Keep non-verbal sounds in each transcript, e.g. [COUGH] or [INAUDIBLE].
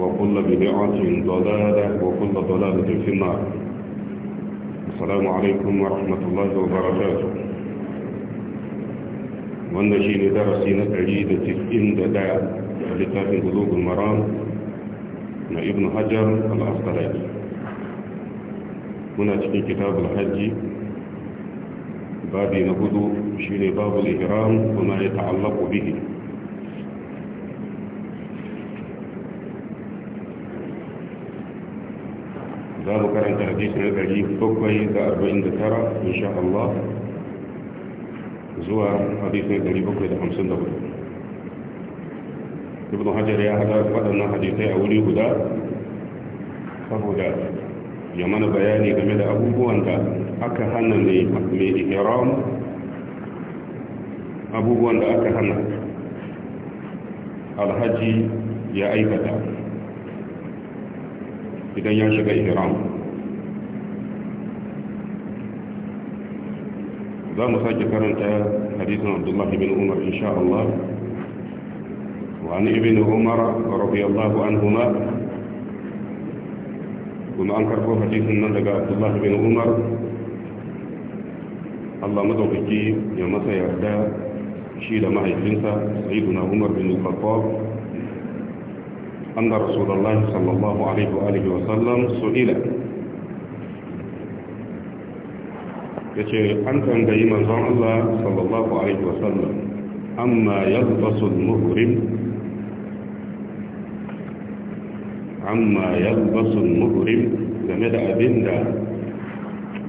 وكل بدعة ضلالة وكل ضلالة في النار السلام عليكم ورحمة الله وبركاته ونجين درسنا أجيدة إند داء لكاف قلوب المرام مع ابن حجر الأصدري هنا في كتاب الحج باب نبدو شيني باب الإكرام وما يتعلق به هذا حديث الذي بكوي ذا أربعين ذكرى إن شاء الله زوا حديث الذي بكوي ذا خمسين ذكرى ابن حجر يا هذا قد أن حديثي أولي هدى فهدى يمن بياني كمدى أبو بوان دا أكا هنى من إكرام أبو بوان دا أكا هنى الحجي يا أيكتا إذا ينشق إكرامه za mu حديث عبد الله بن ibn إن شاء الله وعن ابن عمر رضي الله عنهما كما أنكر في حديث النبي عبد الله بن عمر الله مدوكي يا مسا يردا شيل معي يفنسا سيدنا عمر بن الخطاب أن رسول الله صلى الله عليه وآله وسلم سئل ya ce an tambayi manzon Allah sallallahu alaihi wasallam amma yalbasul muhrim amma yalbasul muhrim game da abinda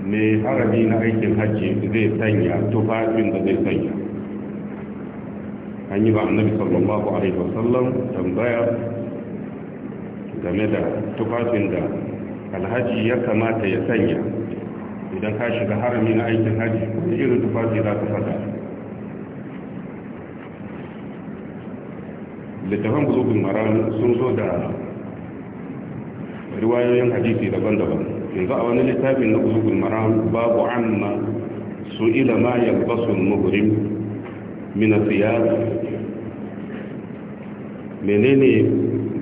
mai harami na aikin hajji zai sanya tufafin da zai sanya an yi ba annabi sallallahu alaihi wasallam tambaya game da tufafin da alhaji ya kamata ya sanya idan ka shiga harami na aikin haji da irin tufafi za ka fada littafan buzugun maran sun zo da riwayoyin hadisi daban-daban yanzu a wani littafin na buzugun maran babu amma su ila ma yalbasun muhrim min asiyar menene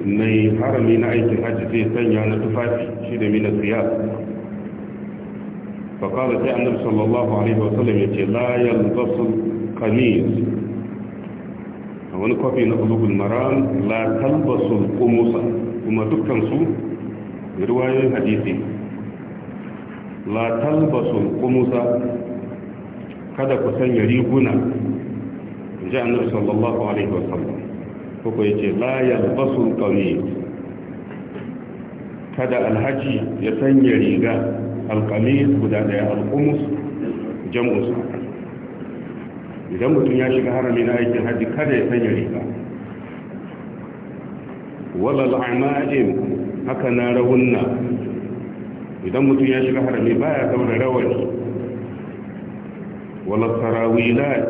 mai harami na aikin haji zai sanya na tufafi shi da min asiyar فقال سي النبي صلى الله عليه وسلم يتي لا يلبس A wani kwafi na bulugul maram la talbasul kumusa kuma dukkan su riwayoyin hadisi la talbasul kumusa kada ku sanya riguna ji annabi sallallahu alaihi wasallam ko ko yace la yalbasul qamis kada alhaji ya sanya riga القميص بدأت القمص جمع إذا مت ياشك هرمي نايت الهدي كذا يتنجريها ولا العمائم هكا نارهن إذا مت ياشك هرمي باية دون روج ولا السراويلات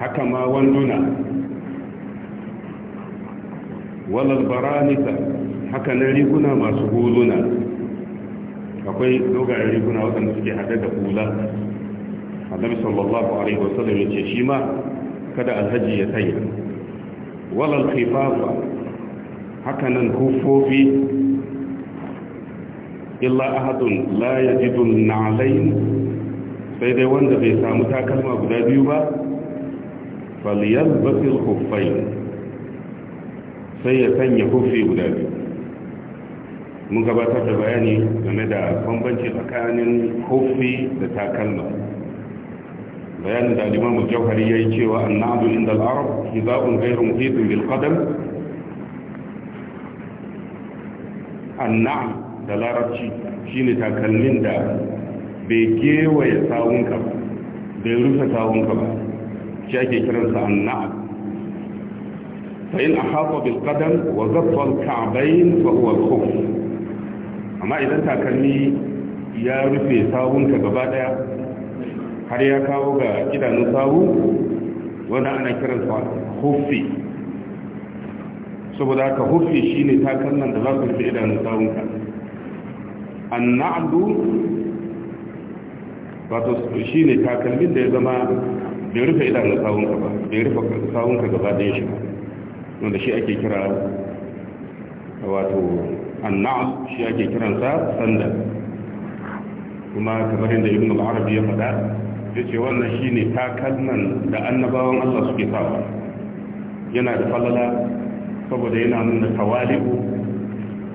هكا ما وندنا ولا البرانسة هكا نريهن ما سهولنا akwai dogayen riguna waɗanda suke haɗe da hula annabi sallallahu alaihi wasallam ya ce shi ma kada alhaji ya taya. walal khifafa haka nan kufofi illa ahadun la yajidu na'layn sai dai wanda bai samu takalma guda biyu ba falyalbasil khuffayn sai ya sanya hufi guda biyu mun gabatar da bayani game da bambanci tsakanin kofi da takalma bayanin da alimamu jauhari ya yi cewa annadu inda al'arab hizabun gairun hidin bil qadam anna da larabci shi ne takalmin da bai gewaye sawunka ba bai rufe sawunka ba shi ake kiransa anna fa in ahata bil qadam wa ghaffa al ka'bayn fa amma idan takalmi ya rufe sawunka gaba daya har ya kawo ga idanun sawu wanda ana kiransa hufi saboda haka hufi shine takalman da za ku rufe idanun sawunka an andu wato shi ne takalmin da ya zama bai rufe idanun sawunka ba bai rufe sawunka gaba daya shi wanda shi ake kira wato annas shi ake kiransa sanda kuma kamar yadda ibn al-arabi ya faɗa yace wannan shine takalman da annabawan Allah suke sawa yana da falala saboda yana nuna tawali'u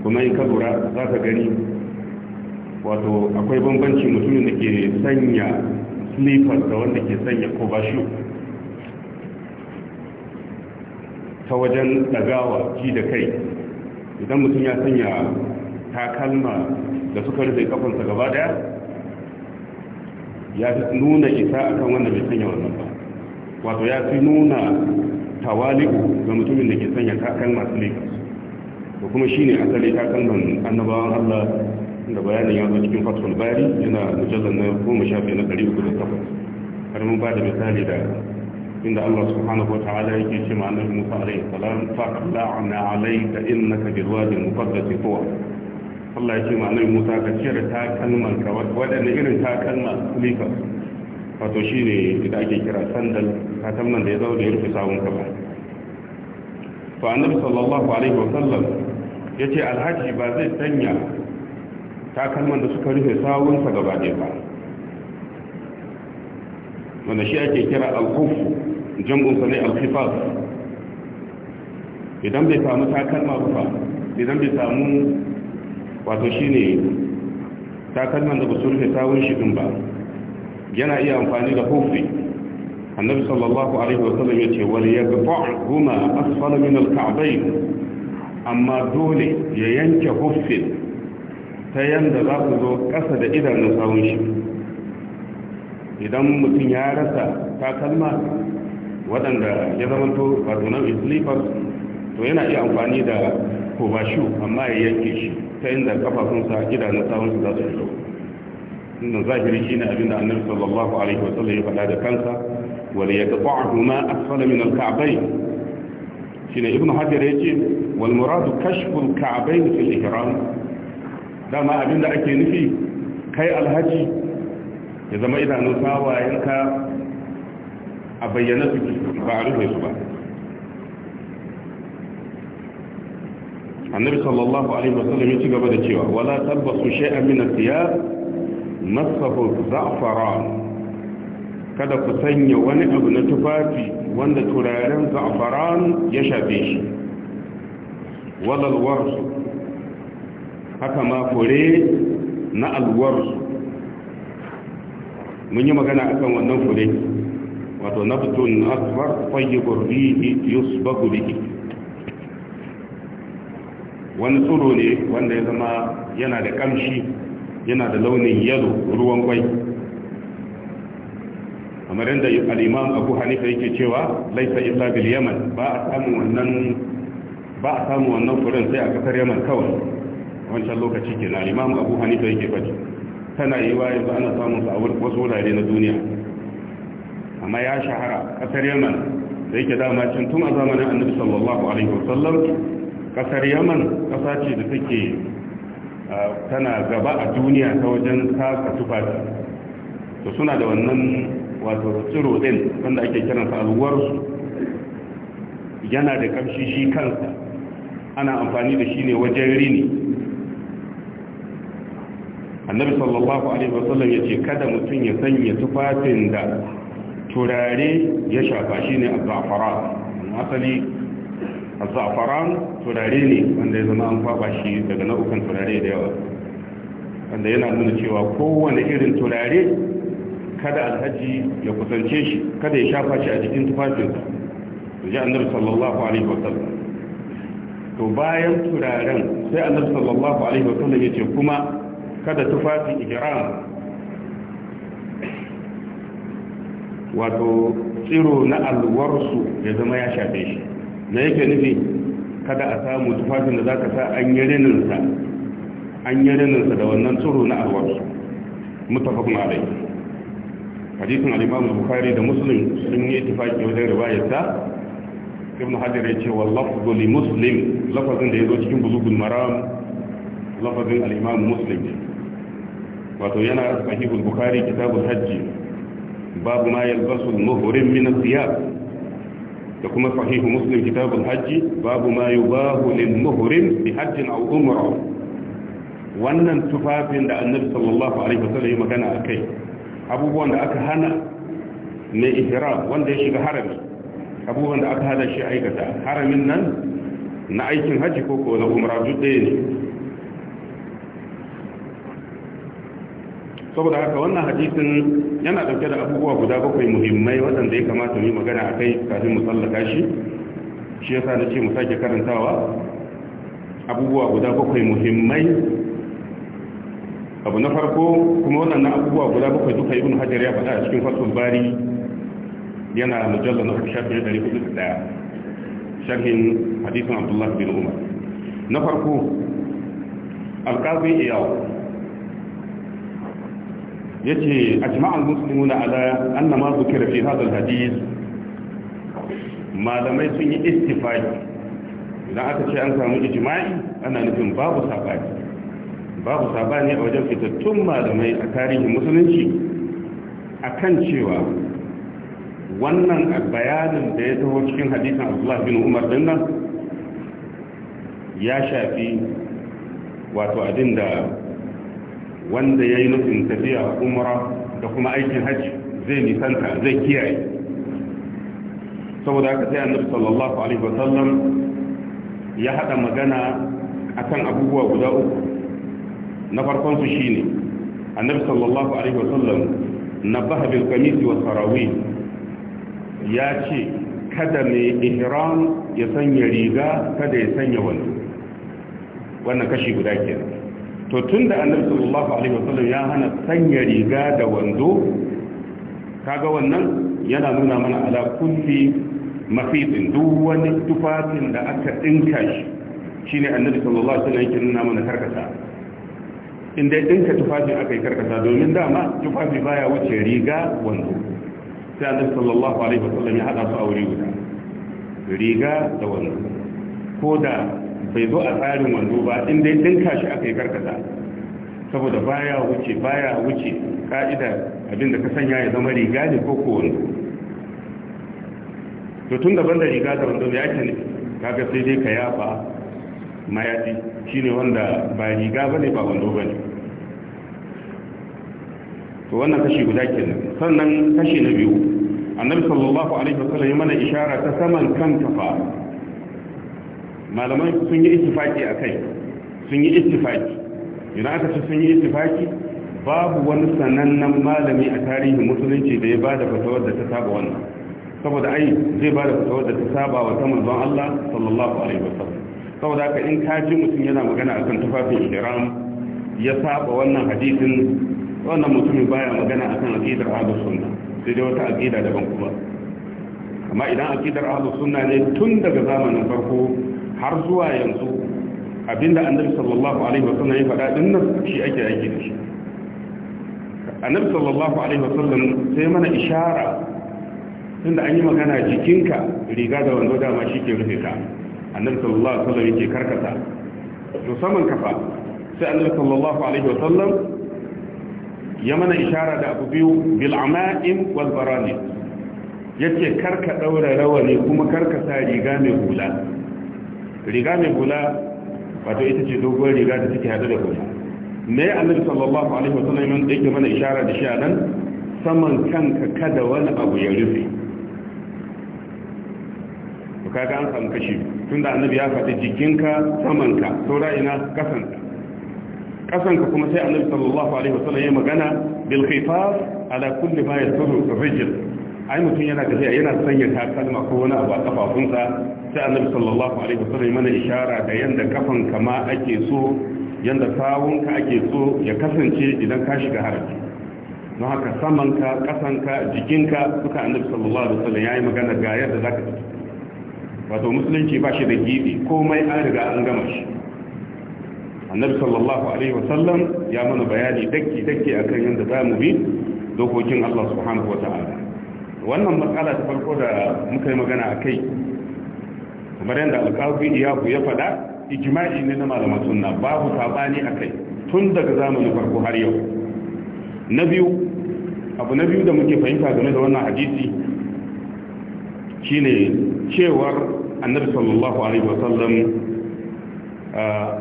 kuma in ka lura za ka gani wato akwai bambanci mutumin da ke sanya slipper da wanda ke sanya shi ta wajen ɗagawa ji da kai idan mutum ya sanya takalma da suka rufe kafansa gaba daya ya fi nuna isa akan wanda bai sanya wannan ba wato ya fi nuna tawali'u ga mutumin da ke sanya takalma su ne da kuma shi ne asali takalman annabawan allah da bayanin yanzu cikin fatul bari yana mujallar na goma sha biyu na ɗari uku da takwas ba da misali da inda Allah subhanahu wa ta'ala yake ce ma annabi Musa alaihi salam faqla'na alayka innaka bilwadi al-muqaddas tuwa Allah ya ce ma annabi Musa ka cire takalman ka wadanne irin takalma lika wato shine da ake kira sandal takalman da ya zaune ya rufe sawun ka ba sallallahu alaihi wa sallam yace alhaji ba zai sanya takalman da suka rufe sawun gaba ba wanda shi ake kira al-kufu jam'un sa ne alkhifaf idan bai samu takalma ba idan bai samu wato shine takalman da ba su rufe tawun shi din ba yana iya amfani da hufi annabi sallallahu alaihi wa sallam yace wal yaqta'huma asfala min al-ka'bayn amma dole ya yanke huffin ta yanda za ku zo ƙasa da idanun sawun shi idan mutum ya rasa takalma waɗanda ya zamanto wato nan sleepers to yana iya amfani da kobashu amma ya yanke shi ta inda kafafunsa na sawunsa za su fito inda zahiri shi ne abin da annabi sallallahu alaihi wa sallam ya faɗa da kansa wani wal yaqta'u ma asfala min alka'abai. kabayn shine ibnu hajar ce wal muradu kashfu al-ka'bayn fil ihram dama abinda ake nufi kai alhaji ya zama idanun sawayenka a bayyana su ba a rufe su ba annabi sallallahu alaihi wasallam ya ci gaba da cewa wala tabbasu shay'an min al-thiyab masahu za'faran kada ku sanya wani abu na tufafi wanda turaren za'faran ya shafe shi wala al haka ma fure na al-wars mun yi magana akan wannan fure wato nabtun asfar tayyibur rihi yusbaku bihi wani tsoro ne wanda ya zama yana da kamshi yana da launin yalo ruwan kwai kamar yadda al'imam abu hanifa yake cewa laisa illa bil yaman ba a samun wannan ba a wannan furen sai a kasar yaman kawai wancan lokaci ke na al'imam abu hanifa yake faɗi tana yi wa yanzu ana samun sa a wasu wurare na duniya amma ya shahara kasar yaman da yake dama cin tun a zamanin annabi sallallahu alaihi wasallam kasar yaman kasa ce da take tana gaba a duniya ta wajen saka tufafi to suna da wannan wato tsiro din wanda ake kiransa alwarsu yana da kamshi shi kansa ana amfani da shi ne wajen rini annabi sallallahu alaihi wasallam ya kada mutum ya sanya tufafin da turare ya shafa shi ne azafaran asali azafaran turare ne wanda ya zama an kwaba shi daga nau'ukan turare da yawa wanda yana nuna cewa kowane irin turare kada alhaji ya kusance shi kada ya shafa shi a jikin tufafinsa ji annabi sallallahu alaihi wasallam to bayan turaren sai annabi sallallahu alaihi wasallam ce kuma kada tufafi ihram wato tsiro na alwarsu ya zama ya shafe shi na yake nufi kada a samu tufafin da za ka sa an yi rininsa an yi rininsa da wannan tsiro na alwarsu mutafakun alai hadisin al'imamu bukari da muslim sun yi tufafi wajen riwayarsa ibn hajjar ya ce wa lafzu li muslim lafazin da ya zo cikin buzugun maram lafazin al'imamu muslim wato yana sahihul bukari kitabul hajji babu ma yalbasu muhrim min al-thiyab da kuma sahihu muslim kitabul hajji babu ma yubahu lil muhrim bi hajjin aw umrah wannan tufafin da annabi sallallahu alaihi wasallam ya magana akai abubuwan da aka hana ne ihram wanda ya shiga harami abubuwan da aka hana shi aikata haramin nan na aikin haji ko ko na umra duk ɗaya ne saboda haka wannan hadisin yana dauke da abubuwa guda bakwai muhimmai waɗanda ya kamata mu yi magana a kai kafin mu tsallaka shi shi sa na ce mu sake karantawa abubuwa guda bakwai muhimmai abu na farko kuma wannan abubuwa guda bakwai duka ibn hajar ya faɗa a cikin fasul bari yana mujalla na shafin ɗaya. sharhin hadisin abdullahi bin umar na farko alƙazin iyawa yace ajma'al muslimuna ala anna ma zukira fi hadha alhadith malamai sun yi istifaki idan aka ce an samu ijma'i ana nufin babu sabani babu sabani a wajen fitattun malamai a tarihin musulunci akan cewa wannan bayanin da ya taho cikin hadisin Abdullah bin Umar din nan ya shafi wato abin wanda ya yi nufin tafiya umara da kuma aikin hajji zai nisanta zai kiyaye saboda haka sai annabi sallallahu alaihi wasallam ya hada magana akan abubuwa guda uku na farkon su shine annabi sallallahu alaihi wasallam nabaha bil qamis wa tarawih ya ce kada mai ihram ya sanya riga kada ya sanya wani wannan kashi guda kenan to tun da annabi sallallahu alaihi wasallam ya hana sanya riga da wando kaga wannan yana nuna mana ala kulli mafidin duk wani tufafin da aka dinka shi shine annabi sallallahu alaihi wasallam yake nuna mana karkasa in dinka tufafin aka yi karkasa domin dama tufafi baya wuce riga wando sai annabi sallallahu alaihi wasallam ya hada su a wuri guda riga da wando ko da bai zo a tsarin wando ba inda dai dinka aka yi karkata saboda baya wuce baya wuce ka'idar abinda ka sanya ya zama riga ne ko ko wando to tun daban da riga da wando ya ce ne kaga sai dai ka yafa shi shine wanda ba riga bane ba wando ba ne. to wannan kashi guda kenan sannan kashi na biyu annabi sallallahu alaihi wasallam ya mana ishara ta saman kan kafa malamai sun yi istifaki a kai sun yi istifaki idan aka ce sun yi istifaki babu wani sanannen malami a tarihin musulunci da ya ba da fatawar da ta saba wannan saboda ai zai ba da fatawar da ta saba wa ta zuwan Allah sallallahu alaihi wa wasallam saboda haka in ka ji mutum yana magana akan tufafin ihram ya saba wannan hadisin wannan mutumin baya magana akan aqidar ahlus sunna sai dai wata aqida daban kuma amma idan aqidar ahlus sunna ne tun daga zamanin farko har zuwa yanzu abinda annabi sallallahu alaihi wasallam ya faɗa din nan shi ake aiki da shi annabi sallallahu alaihi wasallam sai mana ishara tunda an yi magana jikinka riga da wanda dama shi ke rufe ka annabi sallallahu alaihi wasallam yake karkata to saman kafa sai annabi sallallahu alaihi wasallam ya mana ishara da abu biyu bil ama'im wal barani yace karka daura rawani kuma karka sa riga mai hula riga mai hula wato ita ce doguwar riga da take hadu da hula me annabi sallallahu alaihi wa sallam da yake mana ishara da shi a nan saman kanka kada wani abu ya rufe to kaga an samu kashi tunda annabi ya faɗi jikinka saman samanka saura ina kasan ka kuma sai annabi sallallahu alaihi wa sallam ya magana bil khifaf ala kulli ma yasuru rijl ai mutum yana tafiya yana sanya takalma ko wani abu a kafafunsa sai annabi sallallahu alaihi wasallam mana ishara da yanda kafan kama ake so yanda sawunka ake so ya kasance idan ka shiga haraji don haka samanka kasanka jikinka suka annabi sallallahu alaihi wasallam yayi magana ga yadda zaka ci wato musulunci ba shi da gidi komai an riga an gama shi annabi sallallahu alaihi wasallam ya mana bayani dakki dakki akan yanda zamu bi dokokin Allah subhanahu wataala wannan matsala ta farko da muka yi magana akai kamar yadda alƙazi iyaku ya faɗa ijimaji ne na malaman suna babu sabani kai. tun daga zamanin farko har yau na biyu abu na biyu da muke fahimta game da wannan hadisi shine cewar annabi sallallahu alaihi wasallam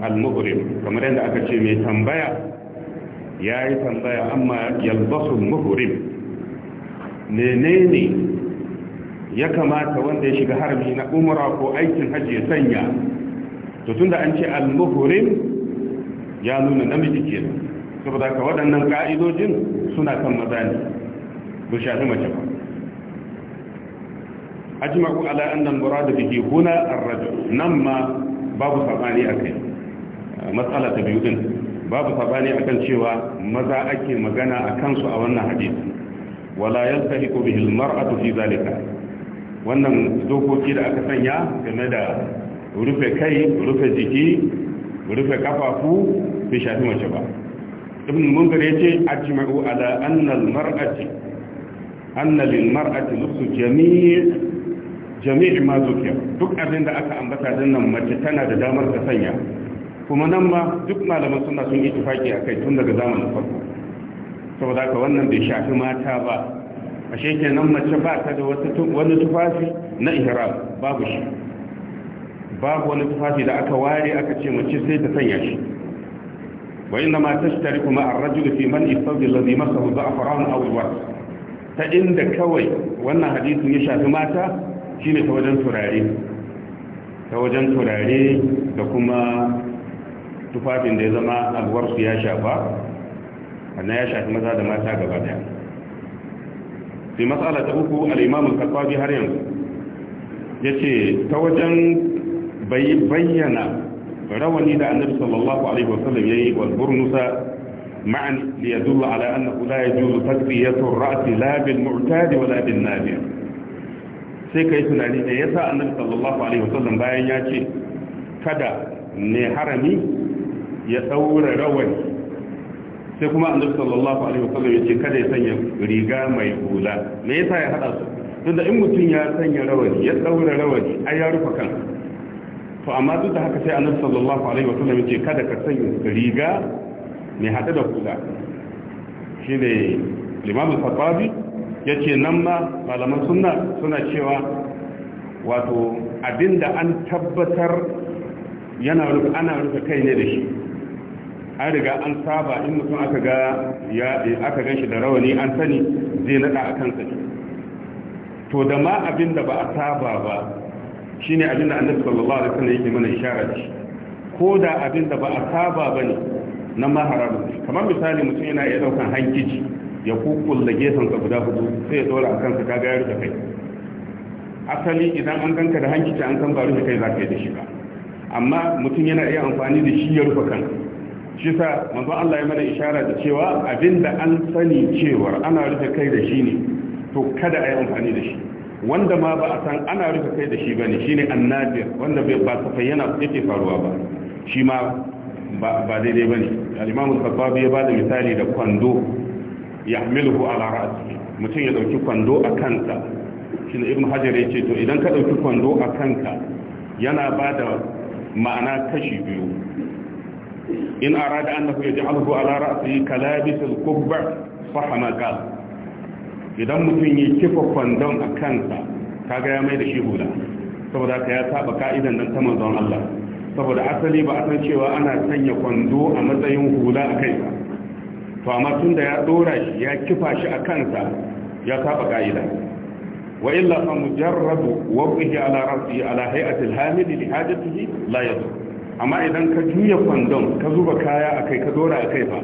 al mughrib kamar yadda aka ce mai tambaya yayi tambaya amma yalbasu al mughrib menene ya kamata wanda ya shiga harami na umra ko aikin hajji ya sanya to tun da an ce al-muhrim ya nuna namiji ke kenan saboda ka waɗannan ka'idojin suna kan maza ne bu shafi mace ba ajma'u ala annal murad bihi huna ar-rajul nan ma babu sabani kai matsala ta biyu din babu sabani kan cewa maza ake magana a kansu a wannan hadisi wala yaltahiqu bihi al-mar'atu fi zalika wannan dokoki da aka sanya game da rufe kai rufe jiki rufe kafafu bai shafi mace ba ibn munzir ya ce ajma'u ala annal mar'ati annalin mar'ati lusu jami' jami'i ma zukiya duk abin da aka ambata din nan mace tana da damar ta sanya kuma nan ma duk malaman suna sun yi tufaki a kai tun daga zamanin farko saboda haka wannan bai shafi mata ba ashe kenan mace ba ta da wani tufafi na ihram babu shi babu wani tufafi da aka ware aka ce mace sai ta sanya shi wa inna ma tashtariku ma ar-rajul fi man yastawdi alladhi masahu za'faran aw al ta inda kawai wannan hadisin ya shafi mata shine ta wajen turare ta wajen turare da kuma tufafin da ya zama alwarsu ya shafa annan ya shafi maza da mata gaba daya fi matsala ta uku al'imamun karfafi har yanzu yace ta wajen bayyana rawani da annabi sallallahu alaihi wasallam ya yi walburnusa ma'an da ya zuwa ala annahu la ya juzu labin wa labin sai kai tunani da yasa annabi sallallahu alaihi wasallam bayan ya ce kada ne harami ya ɗaura rawani sai kuma annabi sallallahu alaihi wasallam yace kada ya sanya riga mai hula me yasa ya hada su tunda in mutum ya sanya rawani ya daura rawani ai ya rufe kan to amma duk da haka sai annabi sallallahu alaihi wasallam yace kada ka sanya riga mai hada da hula shine limamu fatabi yace nan ma malaman sunna suna cewa wato abinda an tabbatar yana ana rufe kai ne da shi an riga an saba in mutum aka ga ya aka ganshi da rawani an sani zai nada a kansa to da ma abin da ba a saba ba shine abin da annabi sallallahu alaihi wasallam yake mana ishara da shi ko da abin da ba a saba bane na ma kamar misali mutum yana iya daukan hankici ya kukkulla gefen sa guda hudu sai ya dora a kansa kaga ya rufe kai asali idan an ganka da hankici an san ba rufe kai za ka yi da shi ba amma mutum yana iya amfani da shi ya rufe kansa shi sa manzo Allah ya mana ishara da cewa abinda an sani cewa ana rufe kai da shi ne to kada a amfani da shi wanda ma ba a san ana rufe kai da shi ba ne shi ne wanda ba ta fayyana yake faruwa ba shi ma ba daidai ba ne alimamun sabbabi ya ba da misali da kwando ya milhu ala ra'asi mutum ya dauki kwando a kanta shi ne ibn hajar ya ce to idan ka ɗauki kwando a kanka yana ba da ma'ana kashi biyu in arada annahu yaj'aluhu ala ra'si kalabis al-kubba fahama qal idan mutum ya kifa kwandon a kansa kaga ya mai da shi hula saboda ka ya saba ka'idan nan ta manzon Allah saboda asali ba a san cewa ana sanya kwando a matsayin hula a kansa to amma tun da ya dora shi ya kifa shi a kansa ya saba ka'ida wa illa fa mujarradu wa bihi ala ra'si ala hay'ati al-hamil li hajatihi la yadur amma idan ka juya kwandon ka zuba kaya a kai ka dora a kai ba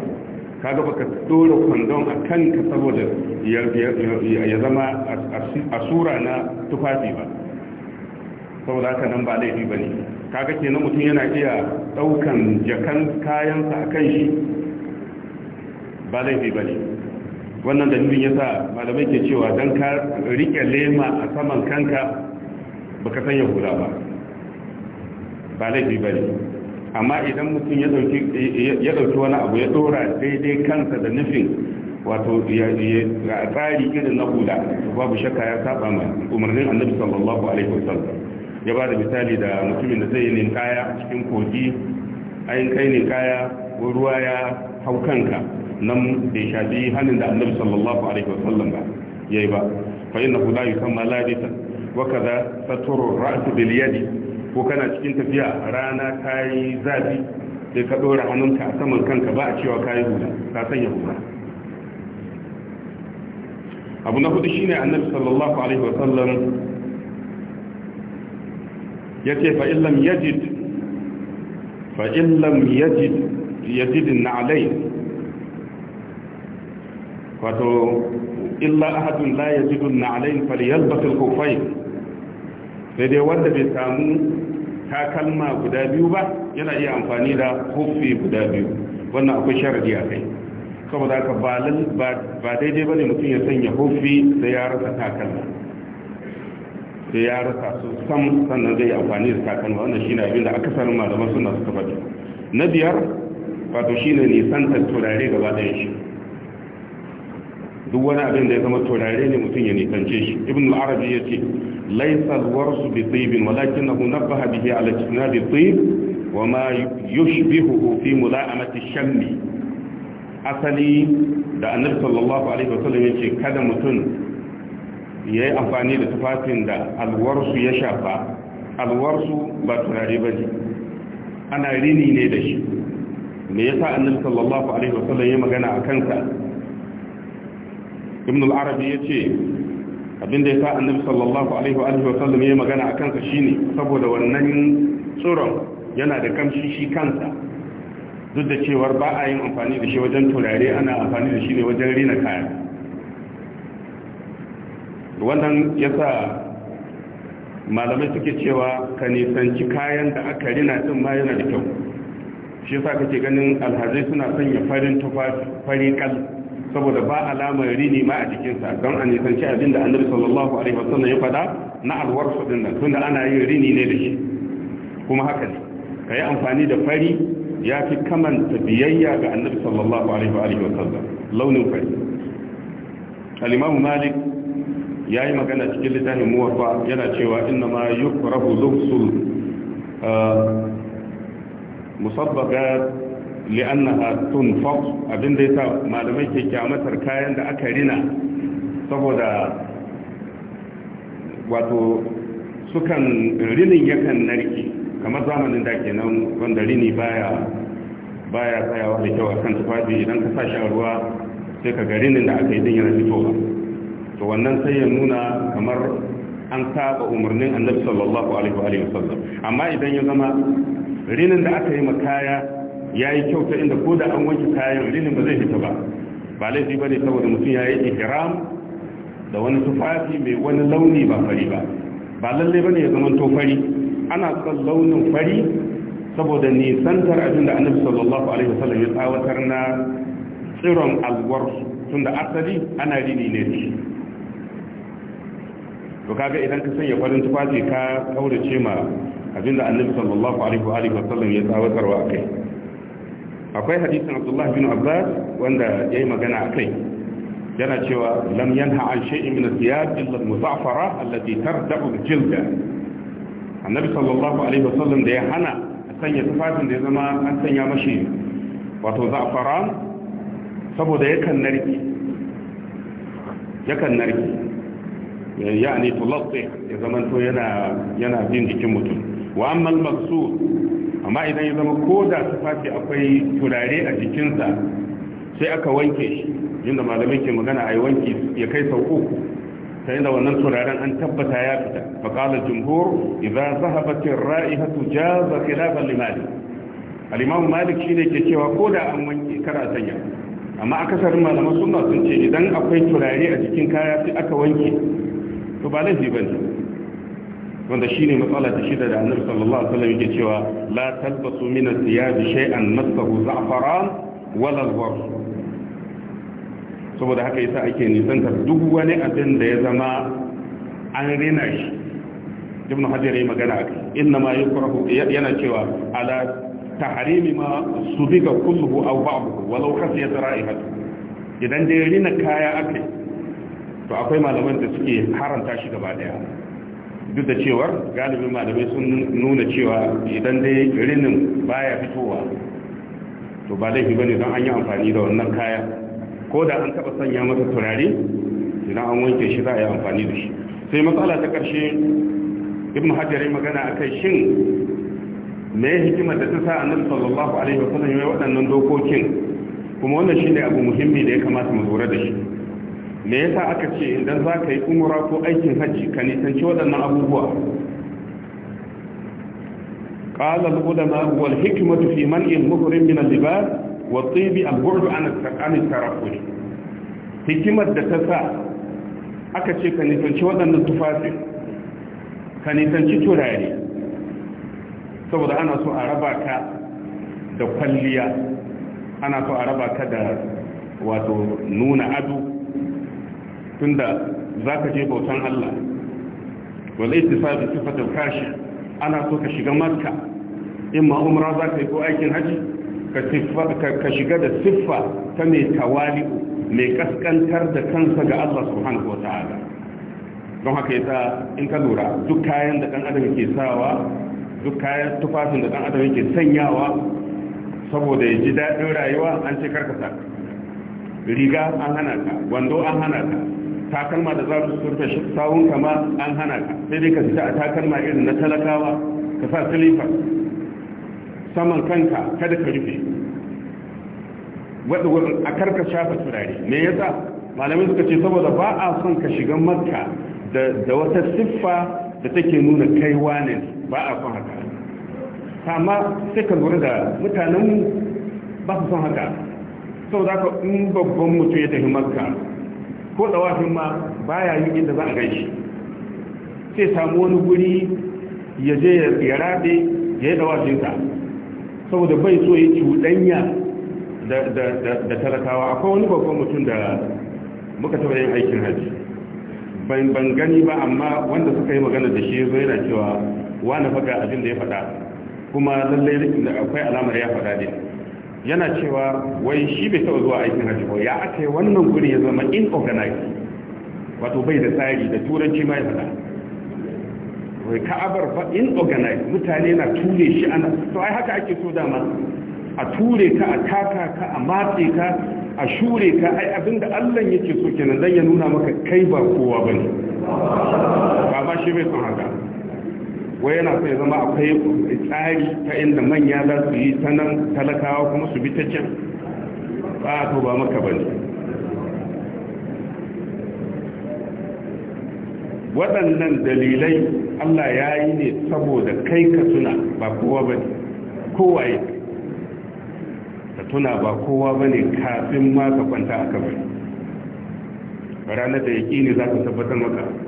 kaga ka dora kwandon a kanka saboda ya zama a sura na tufafi ba saboda haka nan ba laifi ba ne kaga kenan mutum yana iya daukan jakan kayansa a kan shi ba laifi ba ne wannan dalilin ya sa malamai ke cewa don ka rike lema a saman kanka baka sanya hula ba ba laifi ba ne amma idan mutum ya ɗauki wani abu ya ɗora daidai kansa da nufin wato ga tsari irin na hula babu shakka ya saba ma umarnin annabi sallallahu alaihi wasallam ya ba da misali da mutumin da zai nin kaya cikin kogi ayin kai ko ruwa ya hau kanka nan da ya shafi hannun da annabi sallallahu alaihi wasallam ba yayi ba fa inna la yusamma ladita wa kaza saturu ra'su bil yadi ko kana cikin tafiya rana ka yi zafi sai ka ɗora hannunka a saman kanka ba a cewa ka yi hula ka sanya hula abu na hudu shine annabi sallallahu alaihi wasallam ya ce fa illam yajid fa illam yajid yajid na'alai wato illa ahadun la yajidu na'alai falyalbas al-khuffayn sai dai wanda bai samu takalma guda biyu ba yana iya amfani da hufi guda biyu wannan akwai sharadi a kai saboda haka ba daidai ba ne mutum ya sanya hufi da ya rasa takalma da ya rasa su sam sannan zai amfani da takalma wannan shi na abin da sanu malaman suna su faɗi na biyar wato shi ne ta turare gaba ɗaya shi duk wani abin da ya zama turare ne mutum ya nisance shi ibn arabi ya ce ليس الورس بطيب ولكنه نبه به على اجتناب الطيب وما يشبهه في ملائمة الشم asali da annabi sallallahu alaihi wasallam ya ce kada mutum ya yi amfani da tufafin da alwarsu ya shafa alwarsu ba turare ba ne ana rini ne da shi me yasa annabi sallallahu alaihi sallam ya magana a kansa ibn al-arabi ya ce abin da ya sa annabi sallallahu alaihi wa alihi wa sallam ya magana akan sa shine saboda wannan tsoron yana da kamshi shi kansa duk da cewar ba a yin amfani da shi wajen turare ana amfani da shi ne wajen rina kaya wannan yasa malamai suke cewa ka nisanci kayan da aka rina din ma yana da kyau shi yasa kake ganin alhazai suna sanya farin tufafi fari kal saboda ba alamar rini ma a jikinsa don a nisanci abin da annabi sallallahu alaihi wasallam ya faɗa na alwarsu din nan tunda ana yin rini ne da shi kuma haka ne ka yi amfani da fari ya fi kamanta biyayya ga annabi sallallahu alaihi wasallam launin fari al-imamu malik ya yi magana cikin littafin muwafa yana cewa inna ma yukrahu lubsul uh, musabbaqat li'annaha tunfaq abinda sa malamai ke kyamatar kayan da aka rina saboda wato sukan rinin yakan narki kamar zamanin da ke nan wanda rini baya baya tsayawa da kyau a kan tufafi idan ka sashi a ruwa sai ka ga rinin da aka yi din yana fitowa to wannan sai ya nuna kamar an saba umarnin annabi sallallahu alaihi wa sallam amma idan ya zama rinin da aka yi ma kaya. ya yi kyau ta inda ko da an wanke kayan rinin ba zai fita ba ba laifi ba ne saboda mutum ya yi ihram da wani tufafi mai wani launi ba fari ba ba lalle ba ne ya zama to fari ana son launin fari saboda nisantar abin da annabi sallallahu alaihi wasallam ya tsawatar na tsiron alwarsu tunda asali ana rini ne shi to kaga idan ka sanya farin tufafi ka kaurace ma abin da annabi sallallahu alaihi wa alihi wasallam ya tsawatarwa kai. akwai hadisin abdullahi bin abbas wanda ya yi magana a kai yana cewa lam yanha an shay'in min al-thiyab illa allati tarda'u jilda annabi sallallahu alaihi wasallam da ya hana sanya tufafin da ya zama an sanya mashi wato zafara saboda yakan narki yakan narki yani tulatsi ya zama to yana yana bin jikin mutum wa amma al-maksud amma idan ya zama ko da tufafi akwai turare a jikinsa sai aka wanke shi inda malamai ke magana a yi wanki ya kai sau uku ta da wannan turaren an tabbata ya fita faƙalar jimhur idan ra'i hatu jaza khilafan limali al malik malik shine ke cewa ko da an wanke kar a sanya amma akasarin malaman suna sun ce idan akwai turare a jikin kaya sai aka wanke to ba laifi bane wanda shi ne matsala ta shida da annabi sallallahu alaihi wasallam yake cewa la talbasu min al-thiyab shay'an masahu za'faran wala al-warq saboda haka yasa ake nisanta duk wani abin da ya zama an rina shi ibn hajar yayi magana akai inna ma yukrahu yana cewa ala tahrimi ma subiga kulluhu aw ba'dahu walau khasiyat ra'ihatu idan da rina kaya akai to akwai malaman da suke haranta shi gaba daya duk da cewar galibin malamai sun nuna cewa idan dai rinin baya fitowa to ba laifi bane don an yi amfani da wannan kaya ko da an taba sanya masa turare idan an wanke shi za a yi amfani da shi sai matsala ta ƙarshe ibn hajjar yi magana a kai shin me hikima da ta sa annabi sallallahu alaihi wasallam ya waɗannan dokokin kuma wannan shine abu muhimmi da ya kamata mu lura da shi me yasa aka ce idan za ka yi umura ko aikin hajji ka nisanci waɗannan abubuwa قال العلماء والحكمة في منع المحرم من اللباس والطيب البعد عن عن الترفه hikimar da ta sa aka ce ka nisanci waɗannan tufafi ka nisanci turare saboda ana so a raba ka da kwalliya ana so a raba ka da wato nuna ado tunda za ka je bautan Allah wale ittifa da sifatar kashi ana so ka shiga makka in ma umra za ka yi ko aikin haji ka shiga da siffa ta mai tawali'u mai kaskantar da kansa ga Allah subhanahu wa ta'ala don haka yasa in ka lura duk kayan da dan adam ke sawa duk kayan tufafin da dan adam ke sanyawa saboda ya ji daɗin rayuwa an ce karkasa riga an hana ka wando an hana ka takalma da za su turta sawun kama an hana ka sai dai ka fita a takalma irin na talakawa ka sa silifar saman kanka kada ka rufe wadda a karka shafa turare me yasa malamin suka ce saboda ba a son ka shiga makka da wata siffa da take nuna kai wane ba a son haka amma sai ka lura da mutanen ba su son haka saboda ka in babban mutum ya tafi makka ko ɗawafin ma ba ya yi inda za a shi sai samu wani guri ya je ya rade ya yi tsawafinsa saboda bai so ya cuɗanya da talakawa akwai wani babban mutum da muka taɓa yin aikin hajji ban gani ba amma wanda suka yi magana da shi zai na cewa wani faga abin da ya faɗa kuma lallai akwai alamar ya faɗa ne yana cewa wai shi bai taɓa zuwa aikin hajji ba ya aka yi wannan guri ya zama organize wato bai da tsari da turanci ma ya faɗa wai ka'abar ba organize mutane na ture shi ana to ai haka ake so dama a ture ka a taka ka a matse ka a shure ka ai abinda Allah yake so kenan dan ya nuna maka kai ba kowa bane ba ba shi bai son haka wai yana so ya zama akwai tsari ta inda manya za su yi ta nan talakawa kuma su bi ta can ba to ba maka ba ne waɗannan dalilai allah ya yi ne saboda kai ka tuna ba kowa ba ne yi ka tuna ba kowa ba ne kafin ma ka kwanta a kabari ranar da ƙi ne za ka tabbatar maka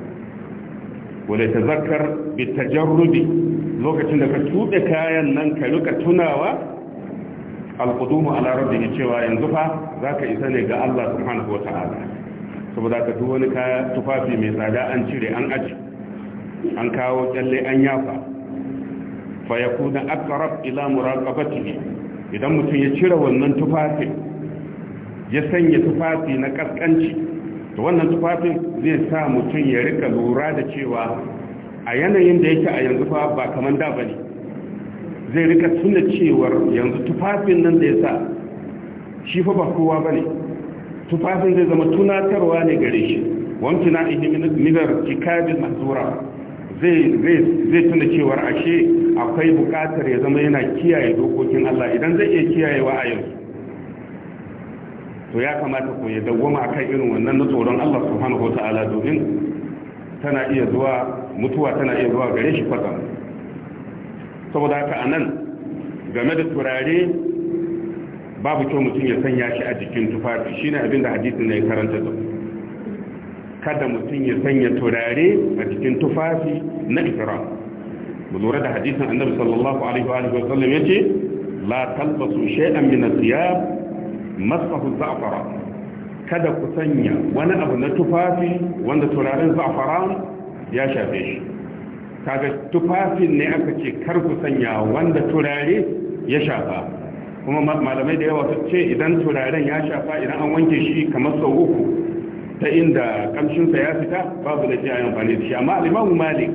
wale ta zakar bita jarrubi lokacin da ka tuɓe kayan nan ka rika tunawa alƙudumu ala rabbi cewa yanzu fa za ka isa ne ga Allah subhanahu wa ta'ala saboda ka duk wani kaya tufafi mai tsada an cire an aji an kawo kyalle an yafa fa ya kuna aqrab ila ne, idan mutum ya cire wannan tufafi ya sanya tufafi na ƙasƙanci. to wannan tufafin zai sa mutum ya rika lura da cewa a yanayin da yake a yanzu fa ba kamar da bane zai rika tuna cewar yanzu tufafin nan da ya sa shi fa ba kowa bane tufafin zai zama tunatarwa ne gare shi na ihi nigar jikabin mazura zai tuna cewar ashe akwai bukatar ya zama yana kiyaye dokokin Allah idan zai iya kiyayewa a yanzu to ya kamata ku ya dawwama akan irin wannan na tsoron Allah subhanahu ta'ala domin tana iya zuwa mutuwa tana iya zuwa gare shi kwatsam saboda haka anan game da turare babu kyau mutum ya sanya shi a jikin tufafi shine abin da hadisi ne karanta da kada mutum ya sanya turare a jikin tufafi na ikra mu lura da hadisin annabi sallallahu alaihi wa sallam yace la talbasu shay'an min athiyab masahu za'fara kada ku sanya wani abu na tufafi wanda turaren za'faran ya shafe shi kaga tufafin ne aka ce kar ku sanya wanda turare ya shafa kuma malamai da yawa sun ce idan turaren ya shafa idan an wanke shi kamar sau uku ta inda kamshinsa ya fita babu da ji a amfani da shi amma alimamu malik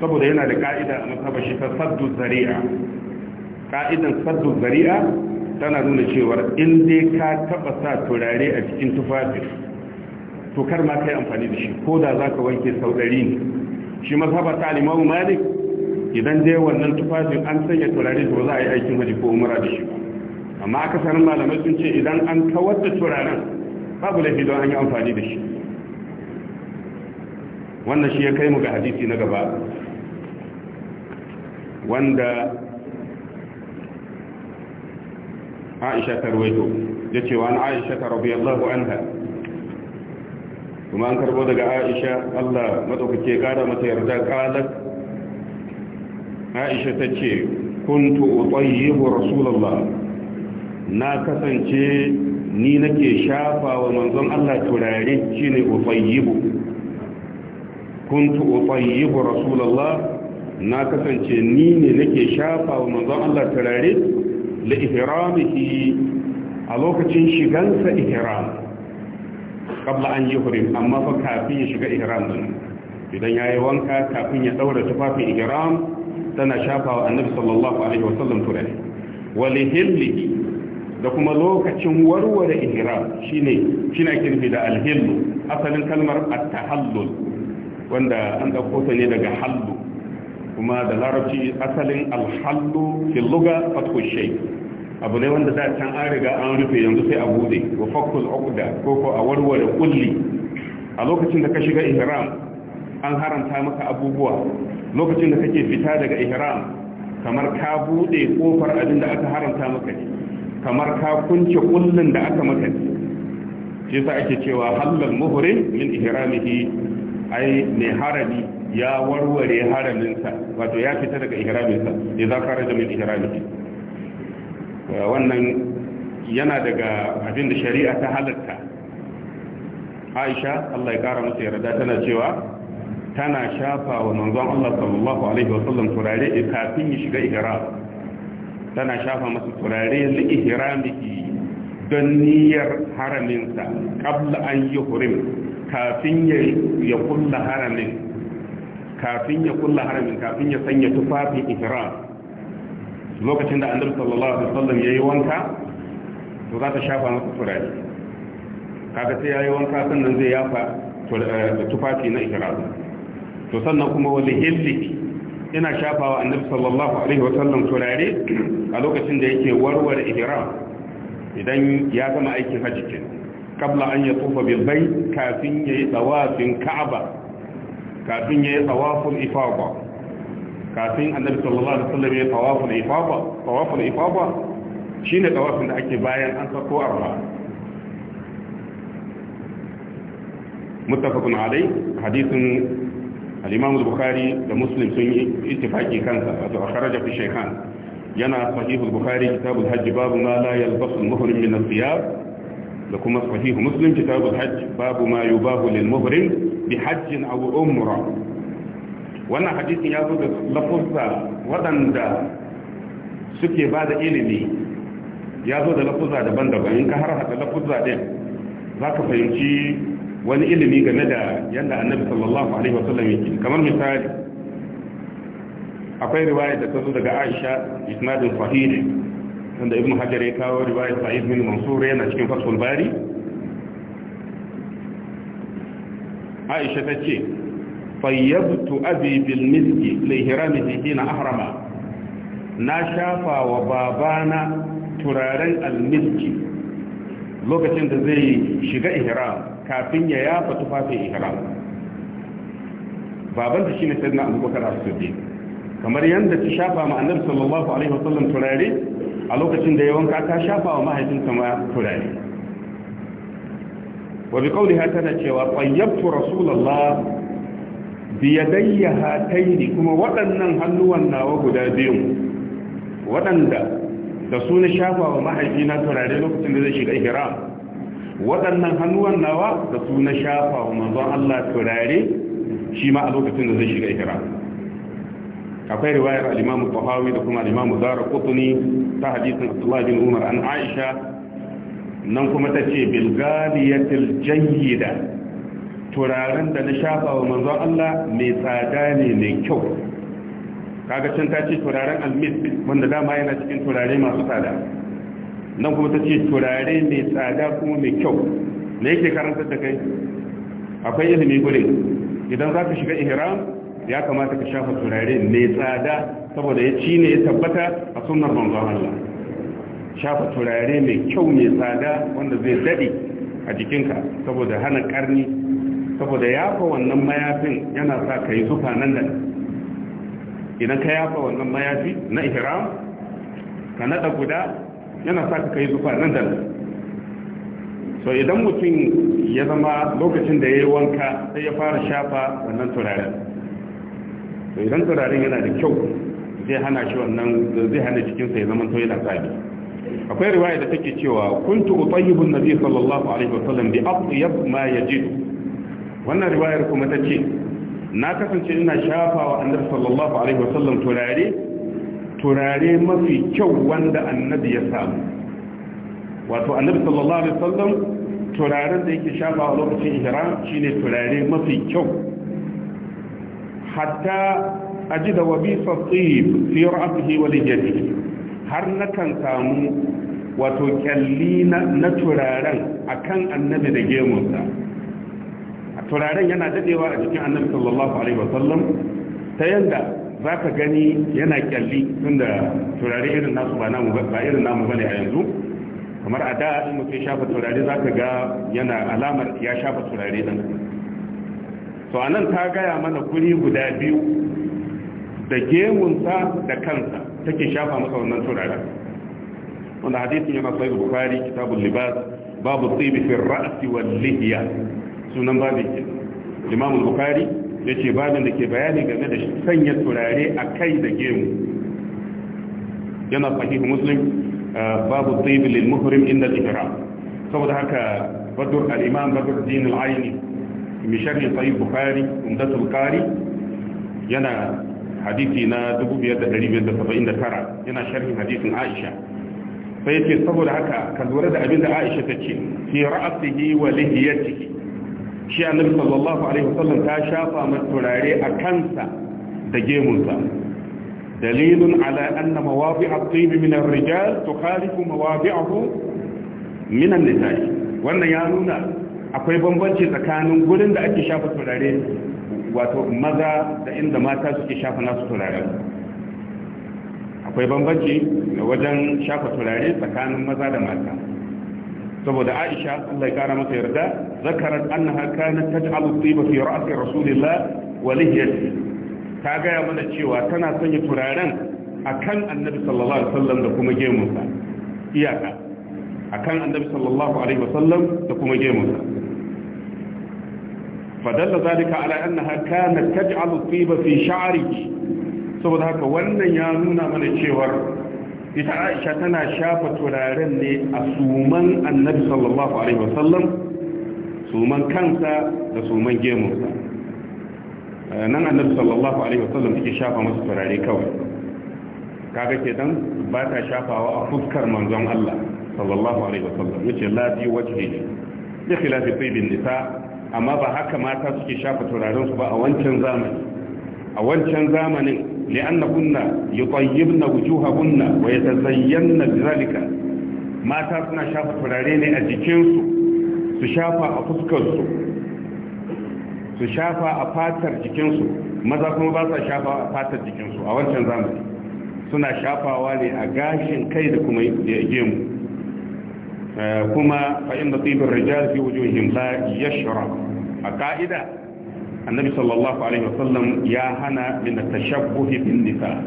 saboda yana da ka'ida a masabashi ta saddu zari'a ka'idan saddu zari'a tana nuna cewar in dai ka taba sa turare a cikin tufafin to kar ma kai amfani da shi ko da za wanke sau ne shi mazhabar ta alimamu malik idan dai wannan tufafin an sanya turare to za a yi aikin haji ko umara da shi amma malamai sun ce idan an kawar da turaren babu laifi don an yi amfani da shi wannan shi ya kai mu ga hadisi na gaba wanda aisha ta ruwaito da cewa an aisha ta radiyallahu anha kuma an karbo daga aisha Allah madaukake kara mata yarda qalat aisha ta ce kuntu yiwu, Rasulallah. na kasance ni nake shafa wa manzon Allah turare shine utayyibu kuntu yiwu, Rasulallah. na kasance ni ne nake shafa wa manzon Allah turare li ihramihi a lokacin shigansa ihram kabla an yuhrim amma fa kafin ya shiga ihram din idan yayi wanka kafin ya daura tufafin ihiram tana shafawa annabi sallallahu alaihi wasallam turai wa li da kuma lokacin warware ihiram shine shine ake nufi da alhillu asalin kalmar at-tahallul wanda an dauko ta ne daga hallu kuma da larabci asalin alhallu fil lugha fathu shay' abu ne wanda da can an riga an rufe yanzu sai a bude wa fakul uqda ko ko a warware kulli a lokacin da ka shiga ihram an haramta maka abubuwa lokacin da kake fita daga ihram kamar ka bude kofar abin da aka haramta maka kamar ka kunce kullun da aka maka shi yasa ake cewa halal muhrim min ihramihi ai ne harami ya warware haraminsa wato ya fita daga ihraminsa idza da min ihramihi wannan yana daga abin da shari'a ta halatta aisha Allah ya kara masa yarda tana cewa tana shafa wa manzon Allah sallallahu alaihi wasallam turare kafin ya shiga ihram tana shafa masa turare li ihramihi don niyyar haraminsa kabla an yi hurim kafin ya kulla haramin kafin ya kulla haramin kafin ya sanya tufafin ihram lokacin da annabi sallallahu alaihi wasallam yayi wanka to za ta shafa masa turare kaga sai yayi wanka sannan zai yafa eh, tufafi na ihram to sannan kuma wani hilli ina shafawa annabi sallallahu alaihi wasallam turare a lokacin da yake warware ihram idan ya gama aikin hajji kenan kabla an ya tufa bil bayt kafin yayi tawafin ka'aba kafin yayi tawaful ifada kafin annabi sallallahu alaihi wasallam ya tawafu al ifada tawafu al ifada shine tawafin da ake bayan an sako arfa muttafaqun alai hadithun al-imam al-bukhari da muslim sun yi ittifaqi kansa wato kharaja fi shaykhan yana sahih al-bukhari kitab al-hajj bab ma la yalbas al-muhrim min al-thiyab da kuma sahih muslim kitab al-hajj bab ma yubahu lil-muhrim bi hajjin aw umrah wannan hadisin ya zo da lafuzza waɗanda suke ba da ilimi ya zo da lafuzza daban-daban in ka har haɗa lafuzza ɗin za ka fahimci wani ilimi game da yadda annabi sallallahu alaihi wasallam yake kamar misali akwai riwaya da ta zo daga aisha isnadin sahih wanda ibn hajar ya kawo riwaya sa'id bin mansur yana cikin fasul bari aisha ta ce fayyabtu abi bil miski li hiramihi hina ahrama na shafa wa babana turaren al miski lokacin da zai shiga ihram kafin ya yafa tufafin ihram baban da shine sayyidina abubakar as-siddiq kamar yanda ta shafa ma annabi sallallahu alaihi wasallam turare a lokacin da ya ka shafa wa mahaifinka ma turare wa bi qawliha tana cewa tayyabtu rasulullah biyadayya hataini kuma waɗannan hannuwan nawa guda biyu waɗanda da su na shafa wa mahaifina turare lokacin da zai shiga ihram waɗannan hannuwan nawa da su na shafa wa manzon Allah turare shi ma a lokacin da zai shiga ihram akwai riwayar al-Imam Tahawi da kuma al-Imam Darqutni ta hadisin Abdullah bin Umar an Aisha nan kuma tace bil ghaliyatil jayyida turaren da na shafa wa manzon Allah mai tsada ne mai kyau kaga can ta ce turaren almisk wanda dama yana cikin turare masu tsada nan kuma ta ce turare mai tsada kuma mai kyau me yake karanta da kai akwai ilimi gure idan za ka shiga ihram ya kamata ka shafa turare mai tsada saboda ya ci ne ya tabbata a sunnar manzon Allah shafa turare mai kyau mai tsada wanda zai dade a jikinka saboda hana karni saboda fa wannan mayafin yana sa ka yi zufa nan da idan ka ya fa wannan mayafi na ihram ka nada guda yana sa ka yi zufa nan da so idan mutum ya zama lokacin da ya yi wanka sai ya fara shafa wannan turaren so idan turaren yana da kyau zai hana shi wannan zai hana cikinsa ya zama to yana sabi akwai riwaya da take cewa kuntu utayyibun nabi sallallahu alaihi wasallam bi atyab ma yajidu wannan riwayar kuma ta ce na kasance ina shafa wa annabi sallallahu alaihi wasallam turare turare mafi kyau wanda annabi ya samu wato annabi sallallahu alaihi wasallam turaren da yake shafa a lokacin ihram shine turare mafi kyau hatta ajida wa bi fatib fi ra'sihi wa lihiyatihi har na kan samu wato kyalli na turaren akan annabi da gemunsa turaren yana dadewa a jikin annabi sallallahu alaihi wasallam ta yanda za ka gani yana kyalli tunda turare irin nasu ba namu ba irin namu bane a yanzu kamar a da in mutum shafa turare za ka ga yana alamar ya shafa turare din to anan ta gaya mana guri guda biyu da gemunsa da kansa take shafa masa wannan turaren wanda hadisin yana sai bukhari kitabun libas babu tsibi fi ra'si wal lihiya sunan babin ke imam bukari ya ce babin da ke bayani game da sanya turare a kai da gemu yana sahihu muslim uh, babu tsibin lil muhrim inda ihram saboda haka badur al-imam badur din al-aini mi sharhi sahih bukhari umdatul yana hadisi na 2579 yana sharhin hadisin aisha sai yake saboda haka kan lura da abin da aisha ta ce fi ra'asihi wa ciki. shi annabi sallallahu alaihi wasallam ta shafa masa turare a kansa da gemunsa dalilun ala anna mawabi' at-tayyib min ar-rijal tukhalifu mawabi'ahu min an-nisa'i wannan ya nuna akwai bambanci tsakanin gurin da ake shafa turare wato maza da inda mata suke shafa nasu turare akwai bambanci wajen shafa turare tsakanin maza da mata saboda aisha allah ya kara masa yarda ذكرت أنها كانت تجعل الطيبة في رأس رسول الله ولهجته كاغا يا من تشيوا كان سني تورارن أكن النبي صلى الله عليه وسلم ده كوما جيمونسا إياكا النبي صلى الله عليه وسلم ده كوما فدل ذلك على أنها كانت تجعل الطيبة في شعرك saboda haka wannan ya nuna mana cewar ita aisha tana shafa turaren ne a suman annabi sallallahu alaihi wasallam suman kansa da suman gemunsa eh, nan annabi sallallahu alaihi wasallam yake shafa masa turare kawai kaga ke kenan ba ta shafawa a fuskar manzon Allah sallallahu alaihi wasallam yace la fi wajhihi bi khilafi tibin nisa amma ba haka mata suke shafa turaren su ba a wancan zamani a wancan zamanin li'annahunna yutayyibna wujuhahunna wa yatazayyanna bizalika mata suna shafa turare ne a jikinsu su shafa a fuskarsu su shafa a fatar jikinsu maza kuma ba sa shafa a fatar jikinsu a wancan zamani suna shafawa ne a gashin kai da kuma gemu eh, kuma fa'in da tsibin rijal fi wujuhin la yashra a ka'ida annabi sallallahu alaihi wasallam ya hana min tashabbuhi bin nisa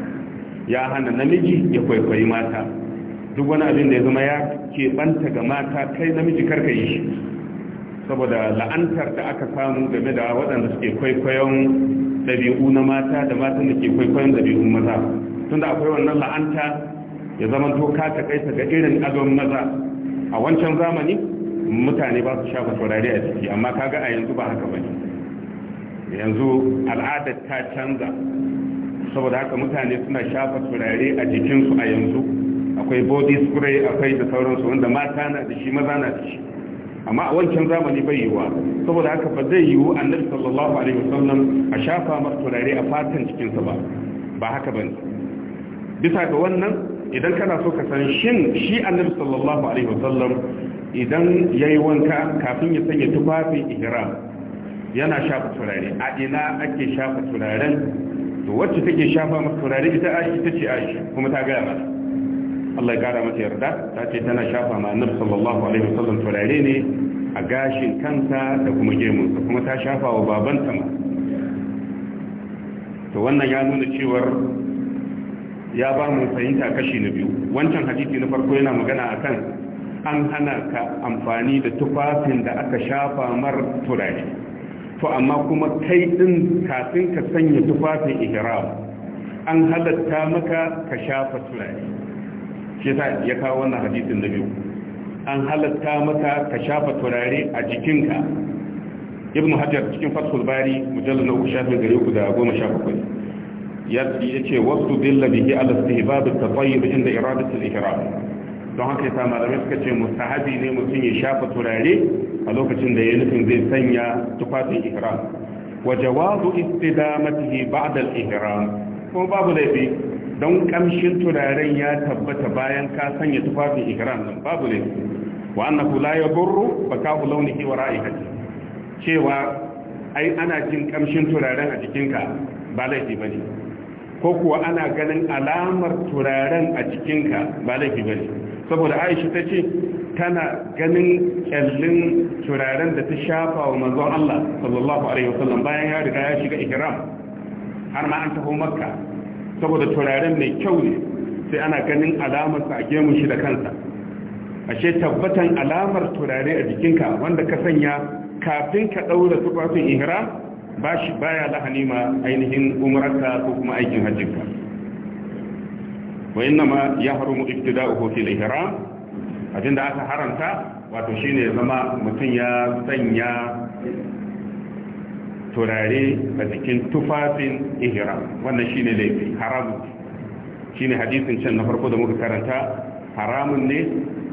ya hana namiji ya kwaikwayi mata duk wani abin da ya zama ya ke banta ga mata kai namiji karka yi shi saboda la'antar da aka samu game da waɗanda suke kwaikwayon ɗabi'u na mata da matan da ke kwaikwayon ɗabi'un maza tunda akwai wannan la'anta ya zama to ka ta kaita ga irin adon maza a wancan zamani mutane ba su shafa turare a ciki amma kaga a yanzu ba haka bane yanzu al'adar ta canza saboda haka mutane suna shafa turare a jikinsu a yanzu akwai body spray akwai da sauransu wanda mata na da shi maza na da shi amma a wancan zamani bai yiwuwa saboda haka ba zai yiwu annabi sallallahu alaihi wasallam a shafa masa turare a fatan cikinsa ba ba haka bane bisa ga wannan idan kana so ka san shin shi annabi sallallahu alaihi wasallam idan yayi wanka kafin ya sanya tufafin ihram yana shafa turare a ina ake shafa turaren to wacce take shafa masa turare ita Aisha ita ce Aisha kuma ta ga mata Allah ya kara mata yarda ta ce tana shafa ma annabi sallallahu alaihi wasallam turare ne a gashin kanta da kuma gemunsa kuma ta shafa wa babanta ma to wannan ya nuna cewar ya ba mu fahimta kashi na biyu wancan hadisi na farko yana magana akan an hana ka amfani da tufafin da aka shafa mar turare to amma kuma kai din kafin ka sanya tufafin ihram an halatta maka ka shafa turare shi ta ya kawo wannan hadisin na biyu an halatta maka ka shafa turare a jikinka ibn hajar cikin fathul bari mujallar na uku shafin gari uku da goma sha bakwai ya ce wasu dilla bihi ala istihbab at-tayyib inda iradat al-ihram don haka yasa malamai suka ce mustahabi ne mutum ya shafa turare a lokacin da ya nufin zai sanya tufafin ihram wa jawazu istidamatihi ba'da al-ihram kuma babu laifi don kamshin turaren ya tabbata bayan ka sanya tufafin ihram din babu ne wa annahu la yadurru baka'u launihi wa ra'ihati cewa ai ana jin kamshin turaren a jikinka ba laifi bane ko kuwa ana ganin alamar turaren a jikinka ba laifi bane saboda Aisha tace tana ganin kyallin turaren da ta shafa wa manzon Allah sallallahu alaihi wasallam bayan ya riga ya shiga ihram har ma an taho makka saboda turaren mai kyau ne sai ana ganin alamarsa a gemun shi da kansa ashe tabbatan alamar turare a jikinka wanda ka sanya kafin ka daura tufafin ihram shi baya lahani ma ainihin umrarka ko kuma aikin hajjinka wa inna ma yahrumu ibtida'uhu fil ihram abinda aka haranta wato shine zama mutum ya sanya turare a jikin tufafin ihram wannan shine laifi haramun shine hadisin can na farko da muka karanta haramun ne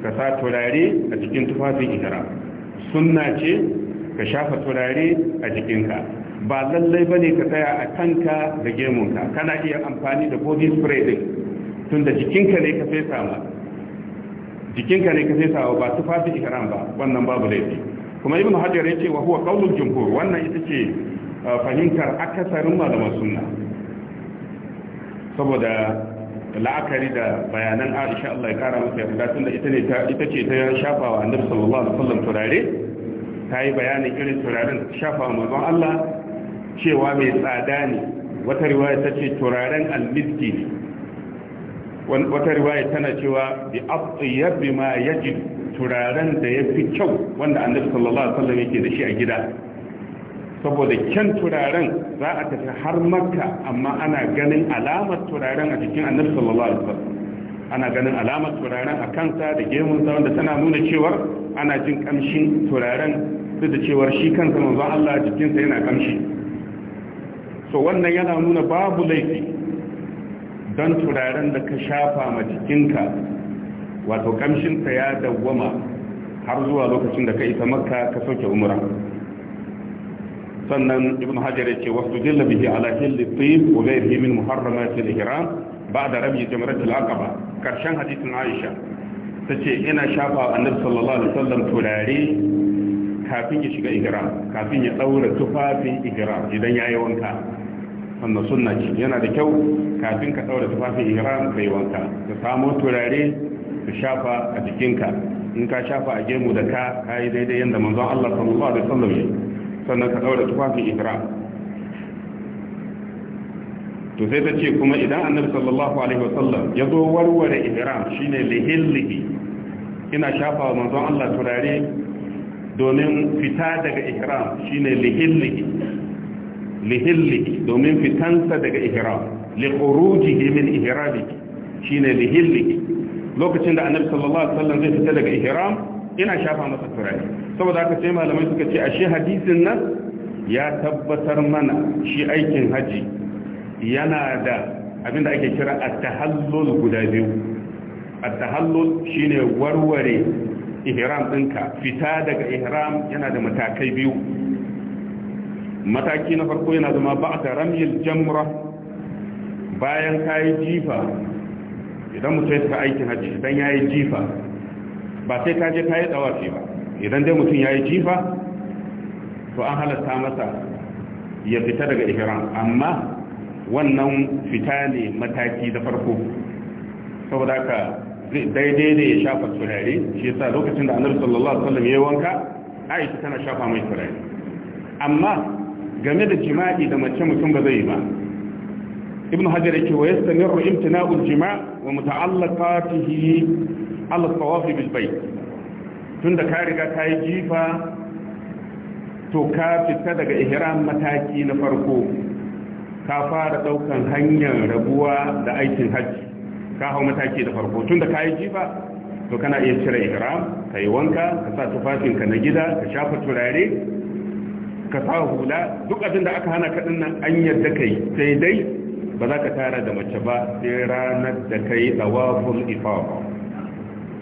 ka sa turare a jikin tufafin ihram sunna ce ka shafa turare a jikinka ba lallai ba ne ka tsaya a kanka da gemunka kana iya amfani da body spray din tunda jikinka ne ka fesa ma jikinka ne ka fesa ba tufafin ihram ba wannan babu laifi kuma ibn hajar ya ce wa huwa qaulul jumhur wannan ita ce fahimtar akasarin malaman suna saboda la'akari da bayanan Aisha Allah ya kara masa yadda. tunda ita ne ita ce ta shafawa Annabi sallallahu alaihi wasallam turare ta yi bayanin irin turaren shafawa manzon Allah cewa mai tsada ne wata riwaya ta ce turaren almiski ne wata riwaya tana cewa bi atyab ma yajid turaren da yafi kyau wanda Annabi sallallahu alaihi wasallam yake da shi a gida saboda kyan turaren za a tafi har makka amma ana ganin alamar turaren a jikin annabi sallallahu alaihi wasallam ana ganin alamar turaren a kansa da gemunsa wanda tana nuna cewar ana jin kamshin turaren duk da cewar shi kansa manzo Allah jikinsa yana kamshi so wannan yana nuna babu laifi dan turaren da ka shafa ma jikinka wato kamshinsa ya dawwama har zuwa lokacin da ka isa makka ka sauke umra sannan ibn hajar yace wasu dilla bihi ala hilli tib wa ghayrihi min muharramat al-ihram ba'da rabi jamrat al-aqaba karshen hadisin aisha tace ina shafa annabi sallallahu alaihi wasallam turare kafin ya shiga ihram kafin ya daura tufafin ihram idan yayi wanka wannan sunna ce yana da kyau kafin ka daura tufafin ihram kai wanka ka samu turare ka shafa a jikinka in ka shafa a gemu da ka kai daidai yanda manzon Allah sallallahu alaihi wasallam ya sannan ka daura tufafin ihram to sai ta ce kuma idan annabi sallallahu alaihi wasallam ya zo warware ihram shine lihillihi ina shafa wa manzon Allah turare domin fita daga ihram shine lihillihi lihillihi domin fitansa daga ihram li khurujihi min ihramihi shine lihillihi lokacin da annabi sallallahu alaihi wasallam zai fita daga ihram ina shafa masa turare saboda haka sai malamai suka ce ashe hadisin nan ya tabbatar mana shi aikin haji yana da abinda ake kira at-tahallul guda biyu at-tahallul shine warware ihram dinka fita daga ihram yana da matakai biyu mataki na farko yana zama ba'da ramyil jamra bayan kayi jifa idan mutum ya aikin haji idan yayi jifa ba sai ka je ka yi tsawafi ba idan dai mutum ya yi jifa to an halatta masa ya fita daga ihram amma wannan fita ne mataki da farko saboda aka daidai ne ya shafa turare shi yasa lokacin da annabi sallallahu alaihi wasallam ya wanka Aisha tana shafa mai turare amma game da jima'i da mace mutum ba zai yi ba ibn hajar yake wa yastamirru imtina'ul jima' wa muta'allaqatihi ala tawafi bil bayt tunda ka riga ka yi jifa to ka fita daga ihram mataki na farko ka fara daukan hanyar rabuwa da aikin hajji ka hau mataki da farko tunda ka yi jifa to kana iya cire ihram ka yi wanka ka sa ka na gida ka shafa turare ka sa hula duk abin da aka hana ka nan an yadda kai sai dai ba za ka tara da mace ba sai ranar da kai tawaful ifawa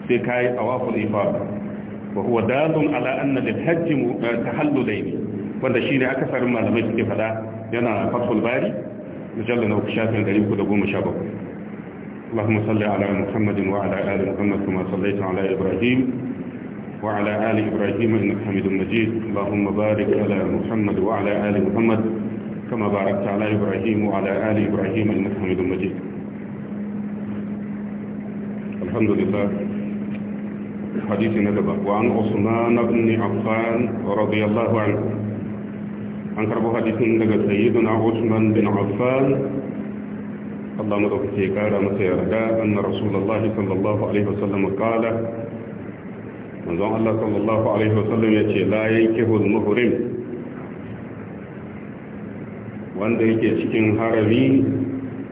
sai ka yi awaful ifad wa huwa dalun ala anna lil hajj eh, tahallulaini wanda shine akasarin malamai suke fada yana fathul bari mujallal na uku shafin 317 اللهم صل على محمد وعلى آل محمد كما صليت على إبراهيم وعلى آل إبراهيم إنك حميد مجيد اللهم بارك على محمد وعلى آل محمد كما باركت على إبراهيم وعلى آل إبراهيم إنك حميد مجيد الحمد لله حديث ندبة وعن عثمان بن عفان رضي الله عنه عن كربو حديث ندبة سيدنا عثمان بن عفان الله مدوكتي قال مسيردا أن رسول الله صلى الله عليه وسلم قال منذ الله صلى الله عليه وسلم يتي لا ينكه المهرم wanda yake cikin harami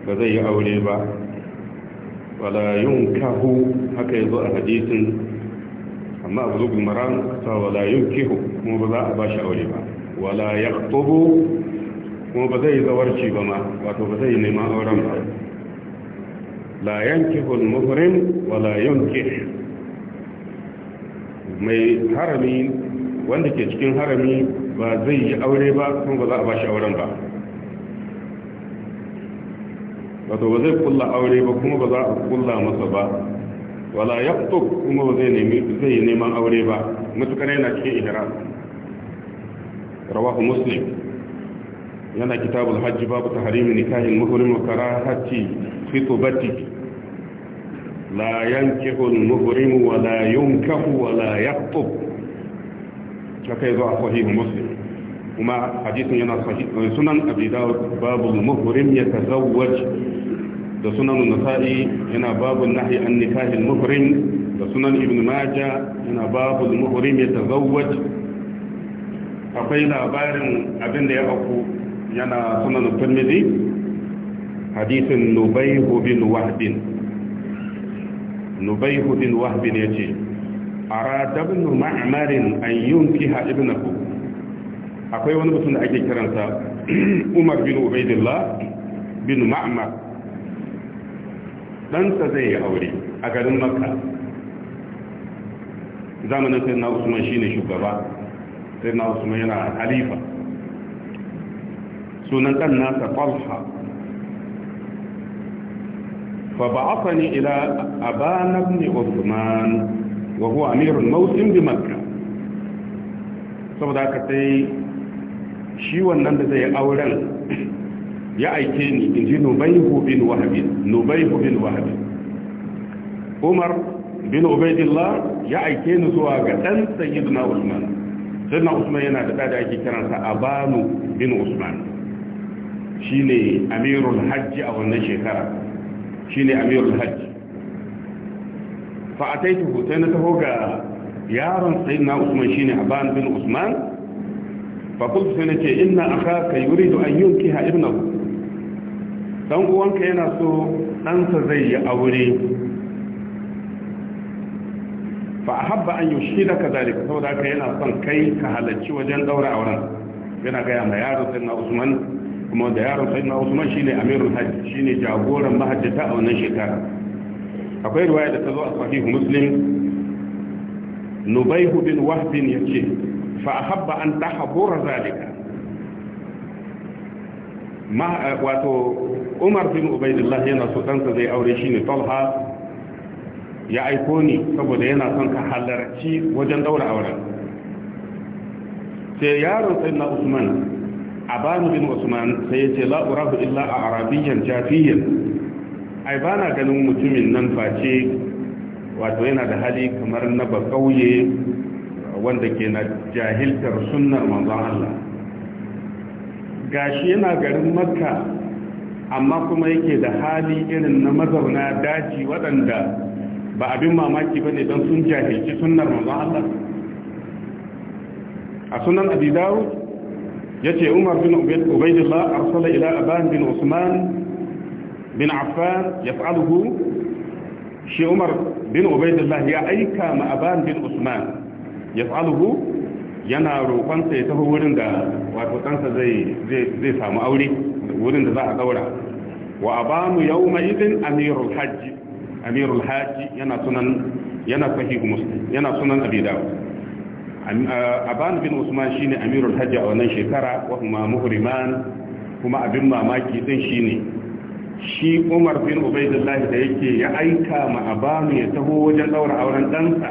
ba zai yi aure ba wala yun kahu haka yazo a hadisin amma a bulugul maran ta wala kehu kuma ba za a bashi aure ba wala ya tobo kuma ba zai zawarci ba ma wato ba zai nema auren ba la yankihu al mafarin wala yunkih mai harami wanda ke cikin harami ba zai yi aure ba kuma ba za a bashi auren ba wato ba zai kulla aure ba kuma ba za a kulla masa ba wala ya yaqtu kuma zai nemi zai neman aure ba mutukar yana cikin ihram rawahu muslim yana kitabul hajj babu tahrimi nikahin muhrim wa karahati khitbati la yankihu al-muhrim wa la yunkahu wa la yaqtub kaka yazo a sahih muslim kuma hadisin yana sahih sunan abi dawud babu al-muhrim yatazawwaj da sunan nasa'i yana babu nahi an nikahil muhrim da sunan ibn maja yana babu muhrim ya tazawwaj akwai labarin abin da ya auku yana sunan tirmidhi hadisin nubayhu bin wahdin nubayhu bin wahdin yace arada ibn ma'mar an yunkiha ibnahu akwai wani mutum da ake kiransa [CLEARS THROAT] umar bin ubaidillah bin ma'mar ɗansa zai yi aure a garin makka zamanin sai na usman shi ne shugaba sai na usman yana halifa sunan ɗan nasa ƙwalha. fa ba'afani ila na ibn usman wa huwa amirul mausin bi makka saboda aka sai shi wannan da zai yi auren ya aike ni in ji nubaihu bin wahabi nubaihu bin wahabin umar bin ubaidillah ya aike ni zuwa ga ɗan sayyidina usman sayyidina usman yana da da ake kiransa abanu bin usman shine amirul hajji a wannan shekara shine amirul hajji fa ataituhu sai na taho ga yaron sayyidina usman shine aban bin usman fa kullu sai aka inna wuri da an yunkiha ibnahu dan uwanka yana so ɗansa zai yi aure fa habba an yi shi da ka zalika saboda haka yana son kai ka halarci wajen ɗaura auren yana gaya ma yaro sai na usman kuma da yaro sai na usman shine amirul hajji shine jagoran mahajjata a wannan shekara akwai riwaya da ta zo a sahihu muslim nubaihu bin wahbin yace fa habba an tahbura zalika ma wato umar bin ubaidillah yana so ɗansa zai aure shi ne talha ya aiko ni saboda yana son ka halarci wajen daura auren sai yaron sai na usman abanu bin usman sai ya ce la'urahu illa a arabiyyan jafiyan ai ba na ganin mutumin nan face wato yana da hali kamar na ba kauye wanda ke na jahiltar sunnar manzon Allah gashi yana garin makka amma kuma yake da hali irin na mazauna daji waɗanda ba abin mamaki ba ne don sun jahilci sunan manzon Allah a sunan abi ya ce umar bin ubaidillah arsala ila aban bin usman bin affan ya fa'alhu shi umar bin ubaidillah ya aika ma aban bin usman ya fa'alhu yana roƙonsa ya taho wurin da wato ɗansa zai samu aure wurin da za a daura wa abanu yawma idin amirul hajji amirul hajji yana sunan yana sahih muslim yana sunan abi abanu bin usman shine amirul hajji a wannan shekara wa kuma muhriman kuma abin mamaki din shine shi Umar bin Ubaidullah da yake ya aika ma abanu ya taho wajen daura auren ɗansa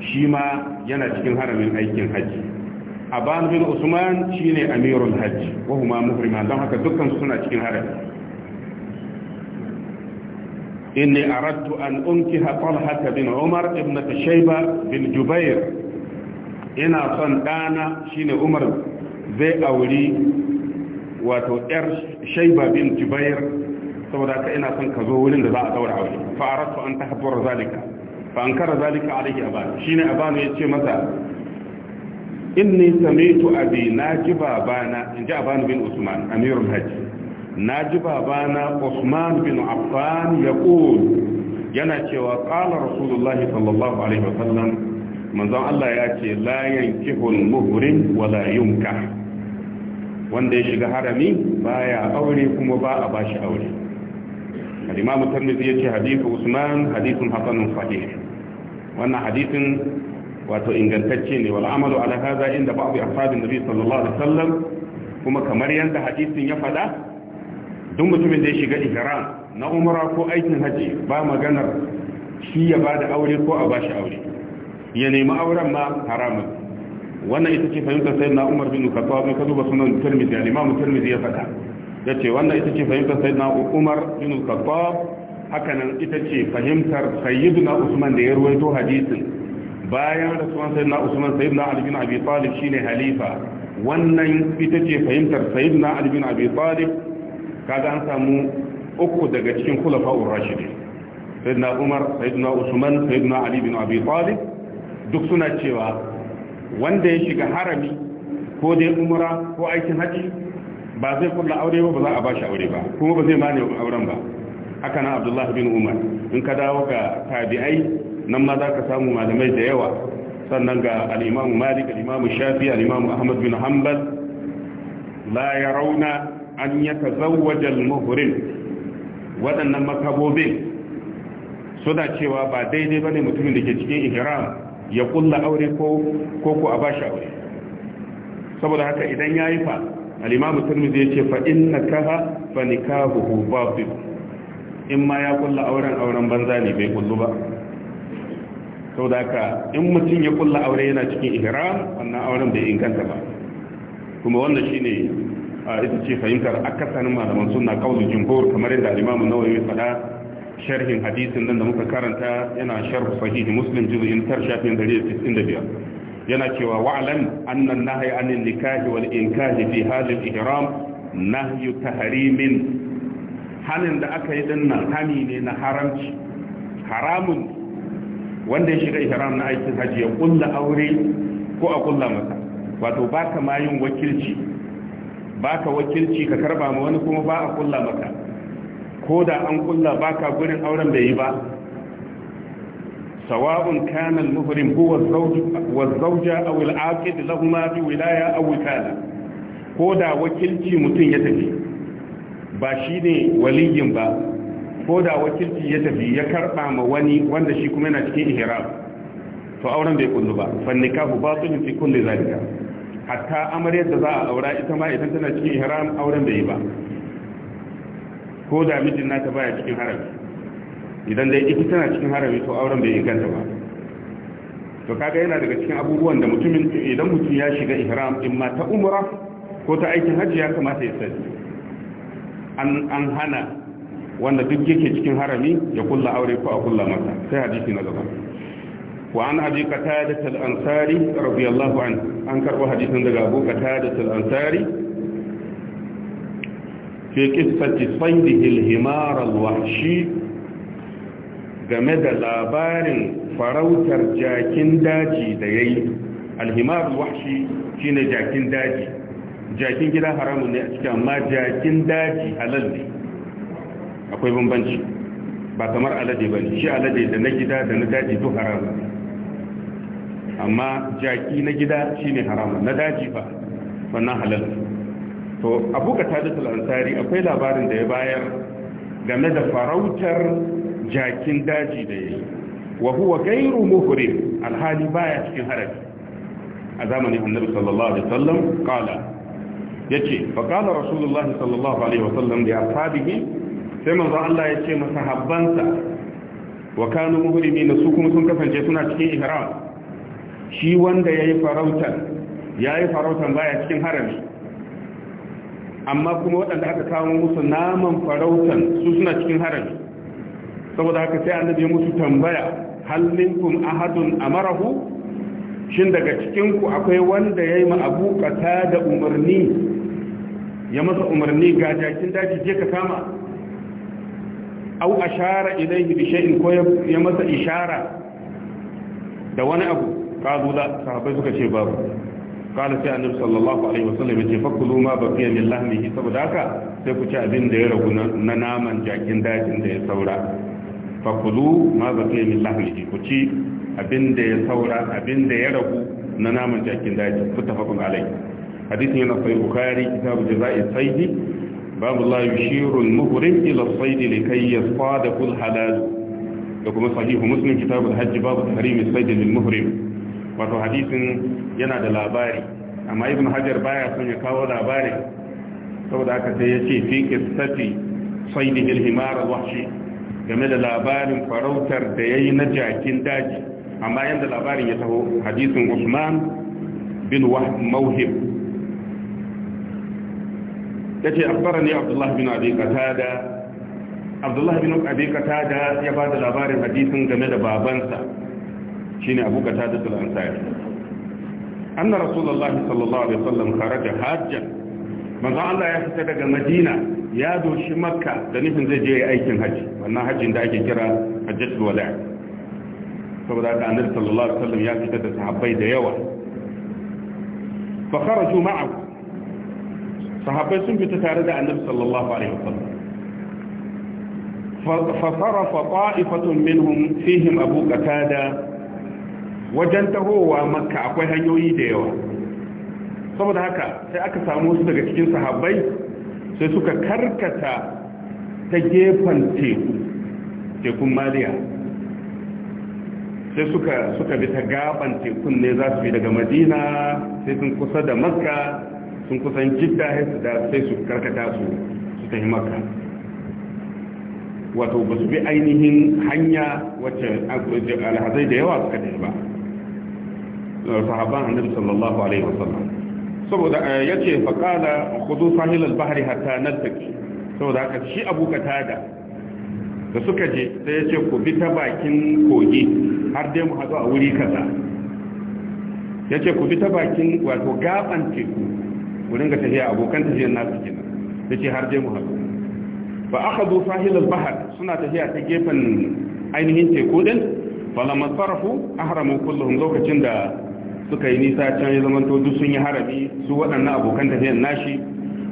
shi ma yana cikin haramin aikin hajji aban bin usman shine amirul hajj wa huma muhrima don haka dukkan suna cikin harami inni aradtu an unkiha talha bin umar ibn shayba bin jubair ina son dana shine umar zai auri wato yar shayba bin jubair saboda ka ina son ka zo wurin da za a daura aure fa aradtu an tahabbara zalika fa ankara zalika alayhi aban shine aban ce masa inni samitu abi naji babana inji abanu bin usman amirul hajj naji babana usman bin affan yaqul yana cewa qala rasulullahi sallallahu alaihi wasallam manzon Allah ya ce layan kihun muhrim wala yunka wanda ya shiga harami baya aure kuma ba a bashi aure al-imam at-tirmidhi yace hadithu usman hadithun hasanun sahih wannan hadisin. wato ingantacce ne wal amalu ala hadha inda ba'd ashabin nabi sallallahu alaihi wasallam kuma kamar yanda hadisin ya fada duk mutumin da ya shiga ihram na umra ko aikin haji ba maganar shi ya bada aure ko a bashi aure ya nemi auren ma haramun wannan ita ce fahimtar na Umar bin Khattab ne ka duba sunan Tirmidhi al-Imam Tirmidhi ya Ya ce wannan ita ce fahimtar na Umar bin Khattab hakanan ita ce fahimtar sayyidina Usman da ya ruwaito hadisin bayan rasuwan na usman sayi ali bin abi talib ne halifa wannan ita ce fahimtar sayi ali bin abi talib ga an samu uku daga cikin khulafa'ur sayi na umar na usman sayi ali bin abi talib duk suna cewa wanda ya shiga harami ko dai umara ko aikin haji ba zai kula aure ba ba za a ba shi aure ba kuma ba zai mani auren ba haka na abdullahi bin umar in ka dawo ga tabi'ai nan ma za ka samu malamai da yawa sannan ga al'imamu malik al'imamu shafi al'imamu ahmad bin hanbal la ya rauna an ya ka zawajal mahurin waɗannan makabobin suna cewa ba daidai ba ne mutumin da ke cikin ihram ya kulla aure ko ko a bashi aure saboda haka idan ya yi fa al'imamu turmi ya ce fa na kaha fa ba fi in ma ya kulla auren auren banza ne bai kullu ba da haka in mutum ya kulla aure yana cikin ihram wannan auren bai inganta ba kuma wannan shine ita ce fahimtar akasarin malaman sunna kaulu jumhur kamar yadda al-Imam Nawawi ya faɗa sharhin hadisin nan da muka karanta yana sharh sahih Muslim juz'in tar shafin yana cewa wa'lam anna an 'anil nikahi wal inkahi fi hadhihi ihram nahyu tahrimin hanin da aka yi dinnan hani ne na haramci haramun wanda ya shiga ihram na aikin haji ya kulla aure ko a kulla masa wato baka ma yin wakilci baka wakilci ka karba ma wani kuma ba a kulla maka ko da an kulla baka gurin auren bai yi ba sawa'un kana al-muhrim huwa az-zawj wa az-zawja aw al-aqid lahumā bi wilaya aw wikala ko da wakilci mutun ya tafi ba shine waliyin ba ko da wakilci ya tafi ya karba ma wani wanda shi kuma yana cikin ihram to auren bai kullu ba fa nikahu batilun fi kulli zalika hatta amaryar da za a aura ita ma idan tana cikin ihram auren bai yi ba ko da mijin nata baya cikin harami idan dai ita tana cikin harami to auren bai inganta ba to kaga yana daga cikin abubuwan da mutumin idan mutum ya shiga ihram in ma ta umra ko ta aikin hajji ya kamata ya sani an hana wanda duk yake cikin harami ya kulla aure ko a kulla mata sai hadisi na gaba wa an abi qatada al-ansari radiyallahu anhu an karbo hadisin daga abu qatada al-ansari fi qissati saydihi al-himar al-wahshi game da labarin farautar jakin daji da yayi al-himar al-wahshi shine jakin daji jakin gida haramun ne a cikin amma jakin daji halal ne akwai bambanci ba kamar alade ba ne shi alade da na gida da na daji duk haramun amma jaki na gida shi ne haramun na daji ba wannan halal to abu ka tadatul ansari akwai labarin da ya bayar game da farautar jakin daji da ya yi wa huwa gairu muhrim alhali baya cikin harafi a zamanin annabi sallallahu alaihi wasallam qala yace fa qala rasulullahi sallallahu alaihi wasallam li ashabihi sai manzon Allah ya ce masa habbansa wa kanu na su kuma sun kasance suna cikin ihram shi wanda yayi farautan yayi farautan baya cikin harami amma kuma waɗanda aka kawo musu naman farautan su suna cikin harami saboda haka sai annabi ya musu tambaya hal minkum ahadun amarahu shin daga cikin ku akwai wanda yayi ma abu da umarni ya masa umarni ga jakin daji je ka kama au ashara ilaihi bi shay'in ko ya masa ishara da wani abu kazu da sahabbai suka ce babu kala sai annabi sallallahu alaihi wasallam yace fakulu ma ba baqiya min lahmihi saboda haka sai ku ci abin da ya ragu na naman jakin dajin da ya saura fakulu ma ba fiya min ne ku ci abin da ya saura abin da ya ragu na naman jakin daji tafakun alaihi hadisin yana sai bukhari kitabu jazai sayyid babu la yushiru al-muhrim ila as-sayd likay yasfada kull halal da kuma sahihu muslim kitabul hajj babu tahrim as-sayd lil wato hadisin yana da labari amma ibn hajar baya son ya kawo labarin saboda aka sai ya ce fi qissati saydihi al-himar al-wahshi game da labarin farautar da yayi na jakin daji amma yanda labarin ya taho hadisin usman bin yace akhbarani abdullah bin abi qatada abdullah bin abi qatada ya ba da labarin hadisin game da babansa shine abu da qatada tul ansari anna rasulullah sallallahu alaihi sallam kare da hajjan manzo Allah ya fita daga madina ya doshi makka da nufin zai je aikin hajji wannan hajjin da ake kira hajjatul wada saboda haka annabi sallallahu alaihi sallam ya fita da sahabbai da yawa fa kharaju ma'ahu sahabbai sun fita tare da annabi sallallahu alaihi wasallam فصرف طائفة منهم فيهم أبو قتادة وجنته مكة أقوي هنيوي ديوة saboda haka sai aka samu su daga cikin sahabai sai suka karkata ta gefen tekun maliya sai suka suka bi ta gaban tekun ne za su bi daga madina sai sun kusa da makka sun kusan jidda haisu da sai su karkata su su ta yi maka wato ba su bi ainihin hanya wacce alhazai da yawa suka da ba sahaban annabi sallallahu alaihi wasallam saboda eh, ya ce faƙala kudu sahil al-bahari hatta naltaki saboda haka shi abu tada da suka je sai ya ce ku bi ta bakin kogi har dai mu haɗu a wuri kaza ya ce ku bi ta bakin wato gaban teku ku ringa tafiya abokan tafiyar nasu kenan yace har je mu haɗu fa akhadhu zo al-bahr suna tafiya ta gefen ainihin teku din farafu a haramun kullum lokacin da suka yi nisa can ya zamanto duk sun yi harami su waɗannan abokan tafiyar nashi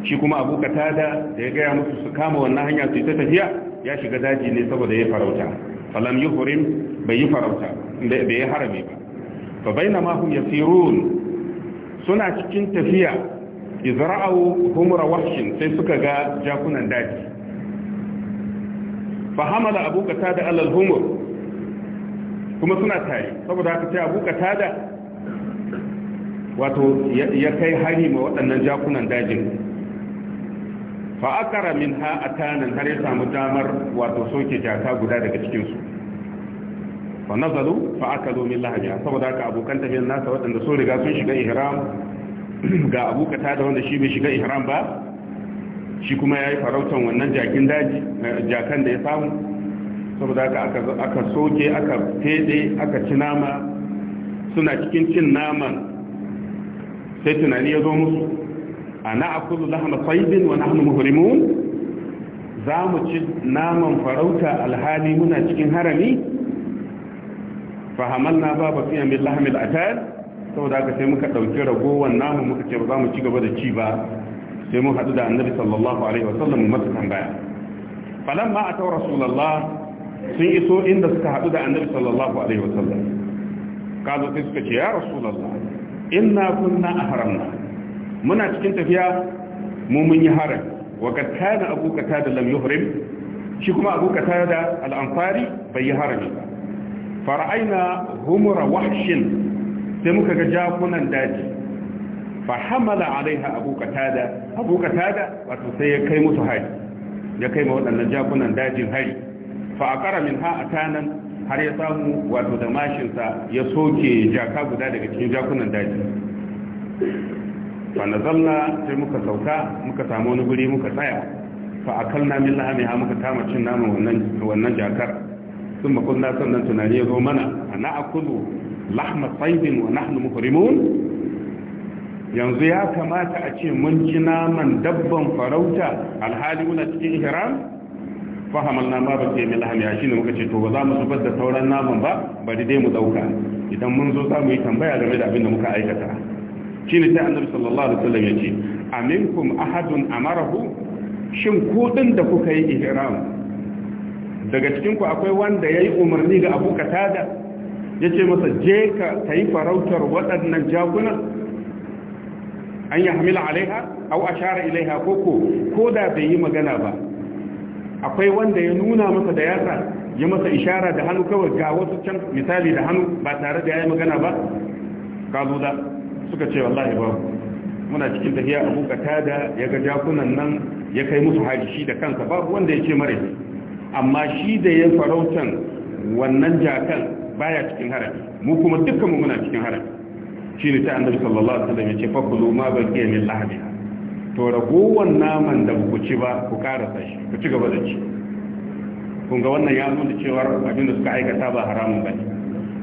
shi kuma abu tada da ya gaya musu su kama wannan hanya su ta tafiya ya shiga daji ne saboda ya farauta falam yuhrim bai yi farauta bai yi harami ba fa bainama ya yasirun suna cikin tafiya izra'u humra wahshin sai suka ga jakunan daji fa hamala abu qatada alal humur kuma suna tare saboda haka sai abu qatada wato ya kai hari ma waɗannan jakunan dajin fa akara minha atanan har ya samu damar wato soke jaka guda daga cikin su fa nazalu fa akalu min lahmiha saboda haka abokan tafiyar nasa waɗanda sun riga sun shiga ihram [CLEARS THROAT] ga abu ta da wanda shi bai shiga ihram ba shi kuma ya yi farautan wannan jakin daji eh, jakan da ya samu saboda aka aka soke aka fede aka ci nama suna cikin cin naman sai tunani ya zo musu a akulu lahma wa nahnu muhrimun za mu ci naman farauta alhali muna cikin harami fahamalna babu ba fiye min lahamil atal saboda haka sai muka ɗauki ragowar namu muka ce ba za mu ci gaba da ci ba sai mun haɗu da annabi sallallahu alaihi wasallam mu masa tambaya falan ma atau rasulullah sun iso inda suka haɗu da annabi sallallahu alaihi wasallam kazo sai suka ce ya rasulullah inna kunna ahramna muna cikin tafiya mu mun yi haram wa kad kana abu qatada lam yuhrim shi kuma abu qatada al-anfari bai yi harami ba fara'aina Humura wahshin sai muka ga jakunan daji fa hamala alaiha abu katada abu katada wato sai ya kai musu hari ya kai ma waɗannan jakunan dajin hari fa aqara minha atanan har ya samu wato da mashinsa ya soke jaka guda daga cikin jakunan daji fa nazalna sai muka sauka muka samu wani guri muka tsaya fa akalna min lahamiha muka kama cin naman wannan wannan jakar sun makunna sannan tunani ya zo mana ana Kulu. lahma saibin wa nahnu muhrimun yanzu ya kamata a ce mun ji naman dabban farauta alhali muna cikin ihram fahamal na ma ba ke mai lahami shi ne muka ce to ba za mu zubar da sauran naman ba bari dai mu dauka idan mun zo za mu yi tambaya game da abin da muka aikata shi ne sai annabi sallallahu alaihi wasallam ya ce aminkum ahadun amarahu shin kuɗin da kuka yi ihram daga cikin ku akwai wanda yayi umarni ga abu katada ya ce masa je ka yi farautar waɗannan jakuna an yi hamila alaiha au a share ilaiha koko ko da bai yi magana ba akwai wanda ya nuna masa da yasa ya masa ishara da hannu kawai ga wasu can misali da hannu ba tare da ya yi magana ba Ka da suka ce wallahi ba muna cikin tafiya abu kata da ya ga jakunan nan ya kai musu haji shi da kansa ba wanda ya ce mare amma shi da ya farautan wannan jakan baya cikin harami mu kuma dukkan mu muna cikin harami ne ta annabi sallallahu alaihi wasallam ce, fakulu ma baqiya min lahabi to ragowar naman da ku ci ba ku karasa shi ku ci gaba da ci kun ga wannan ya nuna cewa abin da suka aikata ba haramun ne.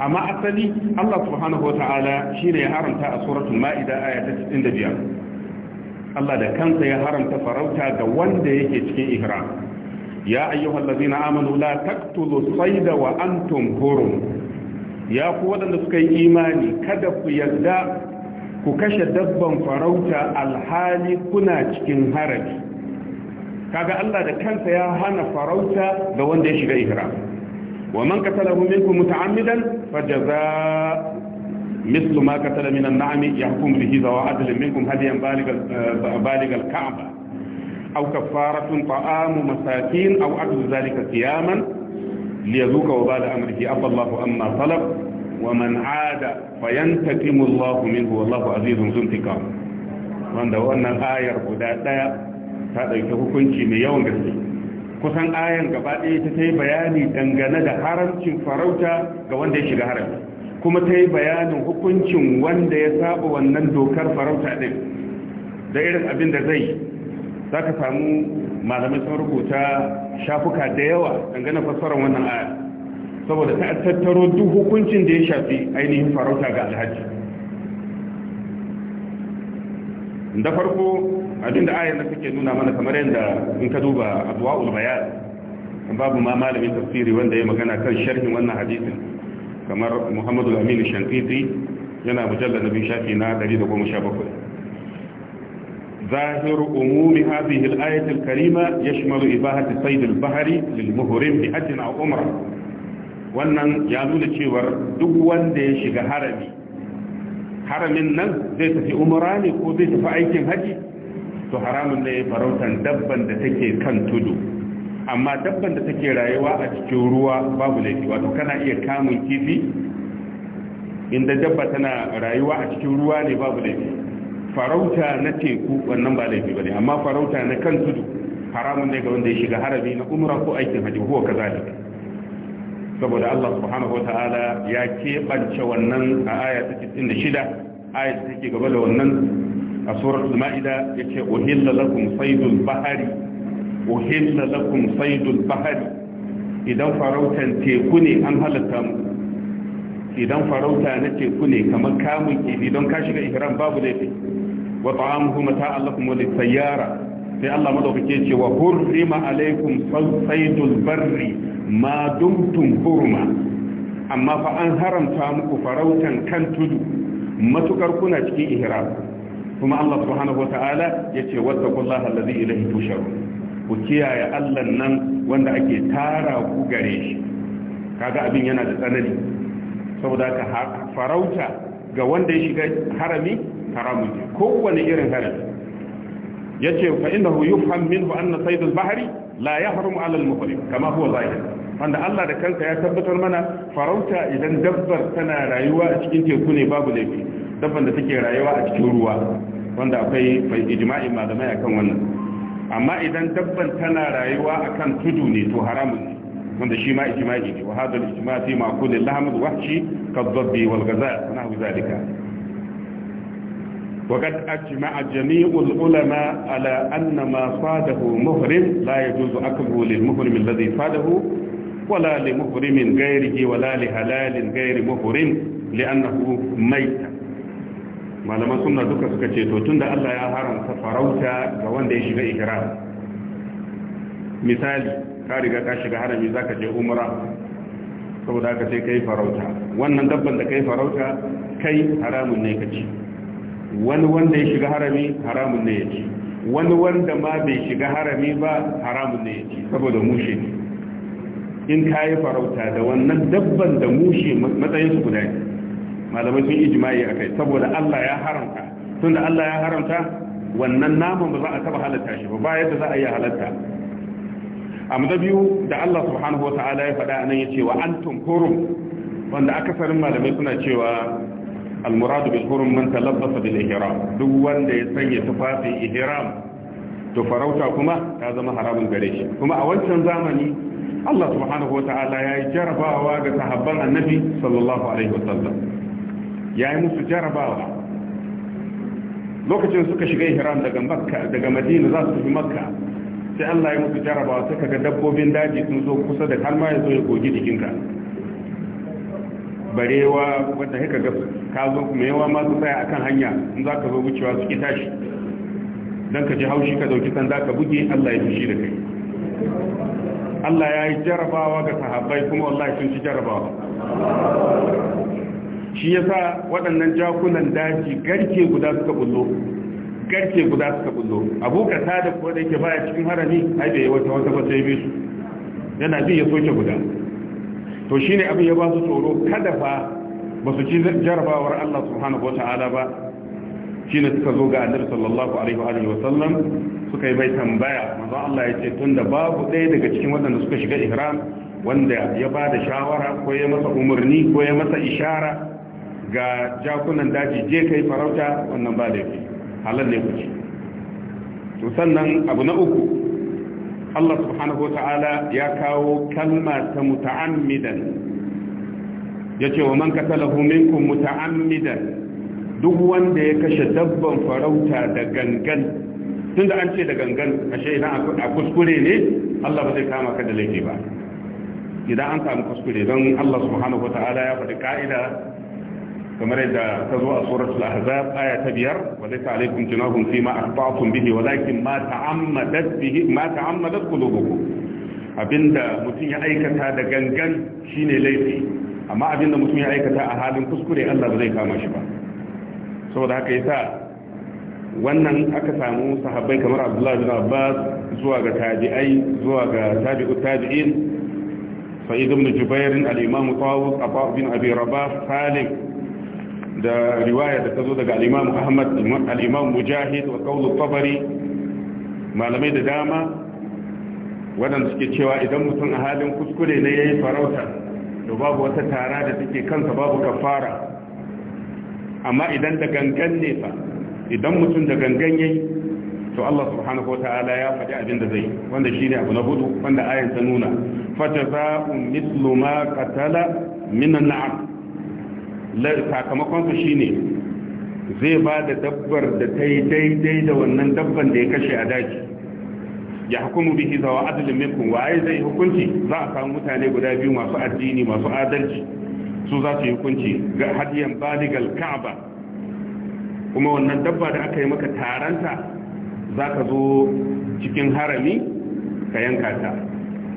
amma asali Allah subhanahu wata'ala shine ya haramta a suratul ma'ida aya ta 65 Allah da kansa ya haramta farauta ga wanda yake cikin ihram ya ayyuhal ladina amanu la taqtulu sayda wa antum ya ku wadanda suka yi imani kada ku yarda ku kashe dabban farauta alhali kuna cikin harabi kaga Allah da kansa ya hana farauta da wanda ya shiga ihram wa man qatalahu minkum muta'ammidan fajazaa مثل ما قتل من النعم يحكم به ذو عدل منكم هديا بالغ الكعبه aw kafaratun ta'amu masakin aw adu zalika qiyaman liyazuka wa bala amrihi afallahu amma talab wa man aada fayantaqimu Allahu minhu wallahu azizun zuntiqam wanda wannan ayar guda ɗaya ta ɗauki hukunci mai yawan gaske kusan ayar gaba ɗaya ta yi bayani dangane da haramcin farauta ga wanda ya shiga haramci kuma ta yi bayanin hukuncin wanda ya saba wannan dokar farauta ɗin da irin abin da zai za ka samu malamai sun rubuta shafuka da yawa dangane fassarar wannan aya saboda ta tattaro duk hukuncin da ya shafi ainihin farauta ga alhaji da farko abinda da da suke nuna mana kamar yadda in ka duba abuwa kan babu ma malamin tafsiri wanda ya magana kan sharhin wannan hadisin kamar muhammadu aminu shankiti yana mujallar na bin shafi na 117 ظاهر عموم هذه الآية الكريمة يشمل إباحة صيد البحر للمهرم بحج أو عمرة wannan ya nuna cewar duk wanda ya shiga harami haramin nan zai tafi umara ne ko zai tafi aikin haji to haramin ne ya farautan dabban da take kan tudu amma dabban da take rayuwa a cikin ruwa babu laifi wato kana iya kamun kifi inda dabba tana rayuwa a cikin ruwa ne babu laifi farauta na teku wannan ba laifi ne amma farauta na kan tudu haramun ne ga wanda ya shiga harami na umra ko aikin hajji ko kazalik saboda Allah subhanahu wataala ya keɓance wannan a aya ta 96 aya ta take gaba da wannan a suratul ma'ida yace uhilla lakum saydul bahari uhilla lakum saydul bahari idan farautan teku ne an halatta mu idan farauta na teku ne kamar kamun kifi don ka shiga ihram babu laifi wa ta'amuhu mata'an lakum wa sayyara. sai Allah madaukake ce wa hurrima alaikum saydul barri ma dumtum hurma amma fa an haramta muku farautan kan tudu matukar kuna cikin ihram kuma Allah subhanahu wata'ala yace wattaqullaha allazi ilayhi tusharun ku kiyaye Allah nan wanda ake tara ku gare shi kaga abin yana da tsanani saboda ka farauta ga wanda ya shiga harami haramun ne kowane irin harami yace fa innahu yufham minhu anna sayd al-bahri la yahrumu 'ala al-muhrim kama huwa zahir wanda Allah da kansa ya tabbatar mana farauta idan dabbar tana rayuwa a cikin teku ne babu laifi dabban da take rayuwa a cikin ruwa wanda akwai ijma'i malamai akan wannan amma idan dabban tana rayuwa akan tudu ne to haramun ne wanda shi ma ijma'i ne wa hadal ijma' fi ma kulli lahmud wahshi kadhabbi wal gaza wa nahwu zalika وقد أجمع جميع العلماء على أن ما صاده مهرم لا يجوز أكله للمهرم الذي صاده ولا لمهرم غيره ولا لهلال غير مهرم لأنه ميت malaman suna duka suka ce to tunda Allah ya haramta farauta ga wanda ya shiga ihram misali ka riga ka shiga harami za ka je umra saboda ka sai ka yi farauta wannan dabban da ka yi farauta kai haramun ne ka ci wani wanda ya shiga harami haramun ne ya ci wani wanda ma bai shiga harami ba haramun ne ya ci saboda mushe ne in ka yi farauta da wannan dabban da mushe matsayin su guda malamai sun ijimai a kai saboda allah ya haramta tunda allah ya haramta wannan naman ba za a taba halatta shi ba ba yadda za a yi halatta abu da biyu da Allah subhanahu wa ta'ala ya faɗa nan ya ce wa antum hurum wanda akasarin malamai suna cewa almuradu bil hurum man talabbasa bil ihram duk wanda ya sanya tufafin ihram to farauta kuma ta zama haramun gare shi kuma a wancan zamani Allah subhanahu wa ta'ala ya yi jarabawa ga sahabban annabi sallallahu alaihi wasallam ya yi musu jarabawa lokacin suka shiga ihram daga makka daga madina za su tafi makka sai Allah ya mutu jaraba sai kaga dabbobin daji sun zo kusa da kalma ya zo ya gogi jikinka barewa wanda haka ga ka zo kuma yawa ma su tsaya akan hanya in za ka zo wucewa su kita tashi don ka ji haushi ka dauki sanda ka buge Allah ya fushi da kai Allah ya yi jarabawa ga sahabbai kuma wallahi sun ci jarabawa shi yasa waɗannan jakunan daji garke guda suka bullo garke guda suka bullo abu kasa da kuwa da yake baya cikin harami ai wata wata ba sai su yana bi ya soke guda to shine abin ya ba su tsoro kada fa ba su ci jarabawar Allah subhanahu wata'ala ba shine suka zo ga annabi sallallahu alaihi wa sallam suka yi mai tambaya manzo Allah ya ce tunda babu ɗaya daga cikin waɗanda suka shiga ihram wanda ya ba da shawara ko ya masa umarni ko ya masa ishara ga jakunan daji je kai farauta wannan ba da yake. halal ne ku ci to sannan abu na uku Allah subhanahu wata'ala ya kawo kalma ta muta'ammidan ya ce wa man katalahu minkum muta'ammidan duk wanda ya kashe dabban farauta da gangan tunda an ce da gangan ashe idan a kuskure ne Allah ba zai kama ka da laifi ba idan an samu kuskure don Allah subhanahu wata'ala ya faɗi ka'ida kamar yadda ta zo a suratul ahzab aya ta biyar wa laysa alaykum junahun fi ma aqta'tum bihi walakin ma ta'ammadat bihi ma ta'ammadat qulubukum abinda mutum ya aikata da gangan shine laifi amma abinda mutum ya aikata a halin kuskure Allah ba zai kama shi ba saboda haka yasa wannan aka samu sahabbai kamar abdullahi bin abbas zuwa ga tabi'ai zuwa ga tabi'u tabi'in sa'id ibn jubair al-imam tawus abu bin abi rabah salim da riwaya da ta zo daga al Muhammad Ahmad Mujahid wa qawl tabari malamai da dama waɗanda suke cewa idan mutum a halin kuskure ne yayi farauta to babu wata tara da suke kansa babu kafara amma idan da gangan ne fa idan mutum da gangan yayi to Allah subhanahu wataala ya faɗi abin da zai wanda ne abu na hudu wanda ayan ta nuna fata jazaa'un mithlu ma qatala min naam sakamakonsa shine zai ba da dabbar da ta yi daidai da wannan dabban da ya kashe a daji ya hukumu bihi zawa adalin minkum waye zai hukunci za a samu mutane guda biyu masu addini masu adalci su za su yi hukunci ga hadiyan baligal ka'aba kuma wannan dabba da aka yi maka taranta za ka zo cikin harami ka yanka ta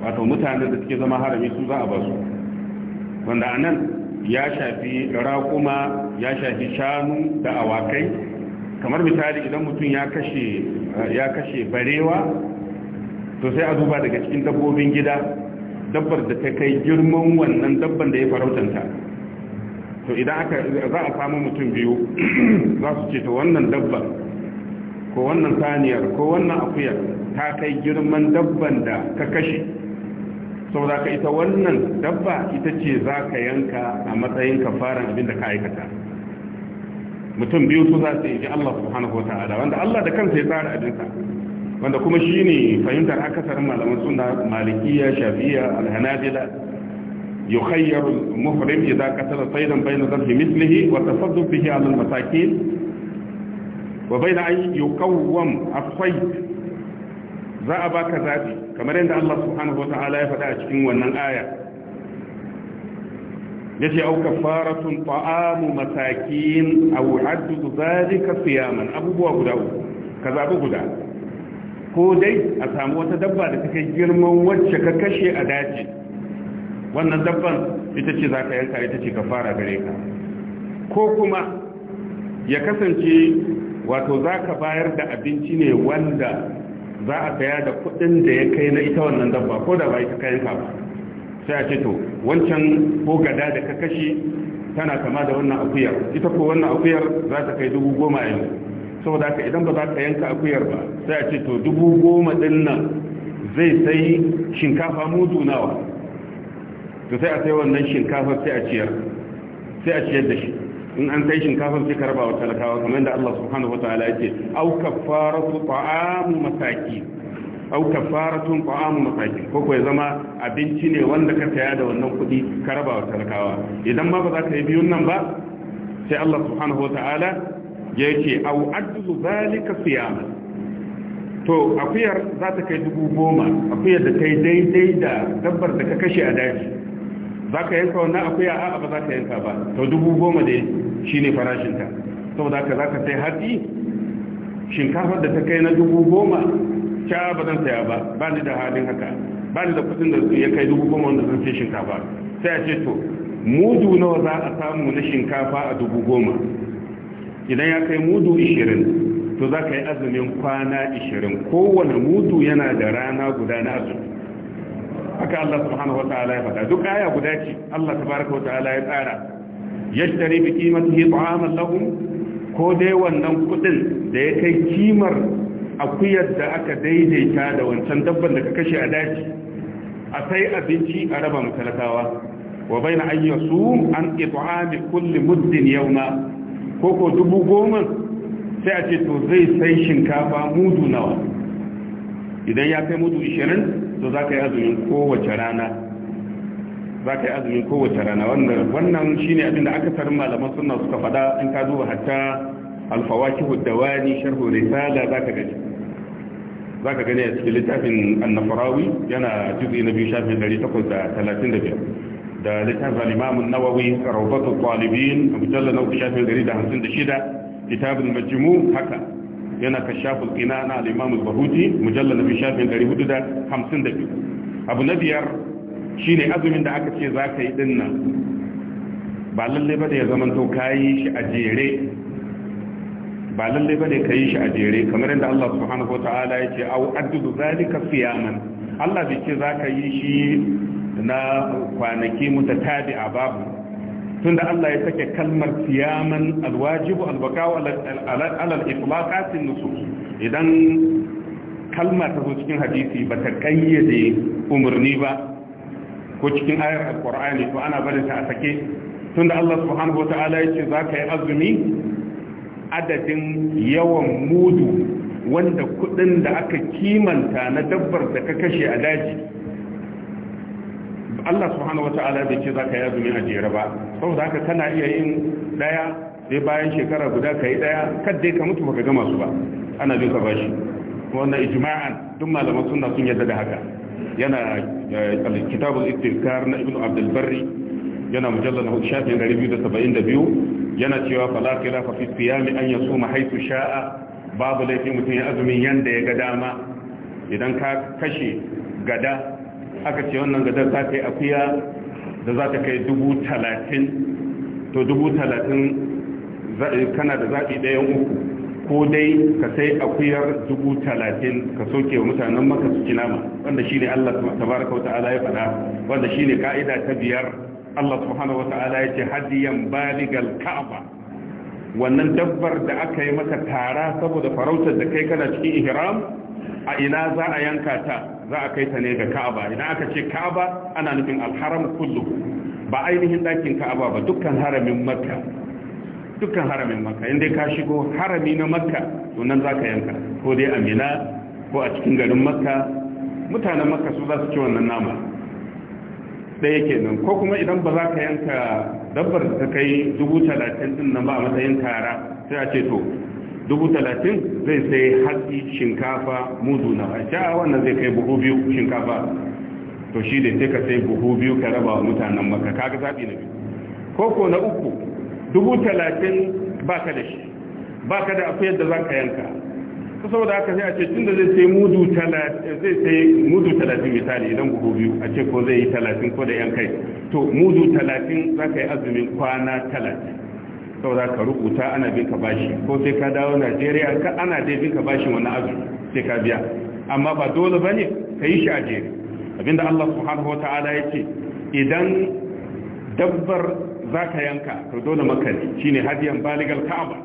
wato mutanen da suke zama harami su za a ba su. wanda anan ya shafi raƙuma ya shafi shanu da awakai kamar misali idan mutum ya kashe barewa to sai a duba daga cikin dabbobin gida dabbar da ta kai girman wannan dabban da ya farautanta to idan aka za a samu mutum biyu [CLEARS THROAT] za su ce to wannan dabban ko wannan saniyar ko wannan akuyar ta kai girman dabban da ka kashe saboda ka ita wannan dabba ita ce za ka yanka a matsayin kafaran abin da ka aikata mutum biyu su za su yi Allah subhanahu wa ta'ala wanda Allah da kansa ya tsara abinsa wanda kuma shi ne fahimtar akasarin malaman suna malikiya shafiya alhanabila yukhayyar muhrim idan kasara saidan bayna zarfi mislihi wa tafaddud bihi ala al-masakin wa bayna an yuqawwam as-sayd za a baka zabi kamar yadda Allah subhanahu wa ta'ala ya fada a cikin wannan aya ya ce au kafaratun ta'amu masakin aw haddu zalika siyaman abubuwa guda uku ka zaɓi guda ko dai a samu wata dabba da take girman wacce ka kashe a daji wannan dabban ita ce za ka yanka ita ce ka fara gare ka ko kuma ya kasance wato za ka bayar da abinci ne wanda za a saya da kuɗin da ya kai na ita wannan dabba ko da ba ita kayan ka ba sai a ce to wancan ko gada da ka kashe tana kama da wannan akuyar ita ko wannan akuyar za ta kai dubu goma yau saboda haka idan ba za ka yanka akuyar ba sai a ce to dubu goma din nan zai sai shinkafa mudu nawa to sai a sai wannan shinkafa sai a ciyar sai a ciyar da shi in an kai shinkafa sai ka rabawa talakawa kamar yadda Allah subhanahu wataala yake au kafaratu ta'amu masaki au kafaratun ta'amu masaki ko ko zama abinci ne wanda ka saya da wannan kuɗi ka rabawa talakawa idan ma ba za ka yi biyun nan ba sai Allah subhanahu wataala yake au adzu zalika siyama to akuyar za ta kai dubu goma akuyar da kai daidai da dabbar da ka kashe a daji za ka yanka wannan akuya a ba za ka yanka ba to dubu goma ne shi ne farashinta saboda ka za ka sai hatsi shinkafar da ta kai na dubu goma ca ba zan saya ba ba ni da halin haka ba ni da kudin da ya kai dubu goma wanda zan sai shinkafa sai a ce to mudu nawa za a samu na shinkafa a dubu goma idan ya kai mudu ishirin to za ka yi azumin kwana ishirin kowane mudu yana da rana guda na azumi haka Allah subhanahu wata'ala ya faɗa duk aya guda ce Allah tabaraka wata'ala ya tsara yashtari bi qimatihi ta'aman lahum ko dai wannan kudin da ya kai kimar akuyar da aka daidaita da wancan dabban da ka kashe a daji a sai abinci a raba matalakawa wa bayna an yasu an it'ami kulli muddin yawma ko ko dubu goma sai a ce to zai sai shinkafa mudu nawa idan ya kai mudu 20 to za ka yi azumin kowace rana za ka yi azumin kowace rana wannan shi ne abinda aka tarin malaman suna suka fada in ka duba hatta alfawaki huddawani sharhu risala za ka gaji za ka gani a cikin littafin annafarawi yana juzi na biyu shafin 835 da littafin alimamun nawawi raubatu talibin a mujallar na uku shafin 156 kitabin majimu haka yana kashaful inana al-imam al-bahuti mujallal bi shafin 452 abu na biyar shi ne azumin da aka ce za ka yi din nan ba lalle ba da ya zamanto yi shi a jere ba lalle ba ka yi shi a jere kamar yadda Allah subhanahu ya ce au addu zalika siyaman Allah bai ce za ka yi shi na kwanaki mutatabi'a babu tunda Allah ya sake kalmar siyaman alwajibu albakawa alal itlaqatin nusus idan kalmar ta zo cikin hadisi ba ta kayyade umarni ba ko cikin ayar alqur'ani to ana barin ta a sake tunda Allah subhanahu wataala yace zaka yi azumi adadin yawan mudu wanda kudin da aka kimanta na dabbar da ka kashe a daji Allah subhanahu wata'ala bai ce zaka yi azumi a jere ba saboda haka kana iya yin daya sai bayan shekara guda ka yi daya kad dai ka mutu baka gama su ba ana bin ka bashi wannan ijma'an duk malaman sunna sun yarda da haka yana eh, kitabul istizkar na ibnu abdul barri yana mujallal na shafin 272 yana cewa fala khilafa fi siyami an yasuma haythu sha'a babu laifin mutum ya azumin yanda ya ga dama idan ka kashe gada aka ce wannan gadar za ta yi akuya da za ta kai dubu talatin to dubu talatin kana da zaɓi ɗayan uku ko dai ka sai akuyar dubu talatin ka soke wa mutanen maka su kinama wanda shi ne allah tabaraka wata'ala ya faɗa wanda shi ne ka'ida ta biyar allah subhanahu wata'ala ya ce hadiyan baligal ka'aba wannan dabbar da aka yi maka tara saboda farautar da kai kana cikin ihram a ina za a yanka ta za a kai ta ne ga ka'aba idan aka ce ka'aba ana nufin alharam kullu ba ainihin ɗakin ka'aba ba dukkan haramin makka dukkan haramin makka inda ka shigo harami na makka to nan za ka yanka ko dai amina ko a cikin garin makka mutanen makka su za su ci wannan nama ɗaya kenan ko kuma idan ba za ka yanka dabbar ta kai dubu talatin din nan ba a matsayin tara sai a ce to dubu talatin zai sai hatsi shinkafa mudu na a wannan zai kai buhu biyu shinkafa to shi da sai ka sai buhu biyu ka raba wa mutanen maka kaga zaɓi na biyu koko na uku dubu talatin ba ka da shi ba ka da akwai yadda za ka yanka ta saboda aka sai a ce tun da zai sai mudu talatin misali idan buhu biyu a ce ko zai yi talatin ko da yankai to mudu talatin za ka yi azumin kwana talatin saboda ka rubuta ana bin ka bashi ko sai ka dawo Najeriya ka ana dai bin ka bashi wani azu sai ka biya amma ba dole ba ne ka yi shi a jere abinda Allah subhanahu ya ce idan dabbar za ka yanka to dole maka ne shine hadiyan baligal ka'aba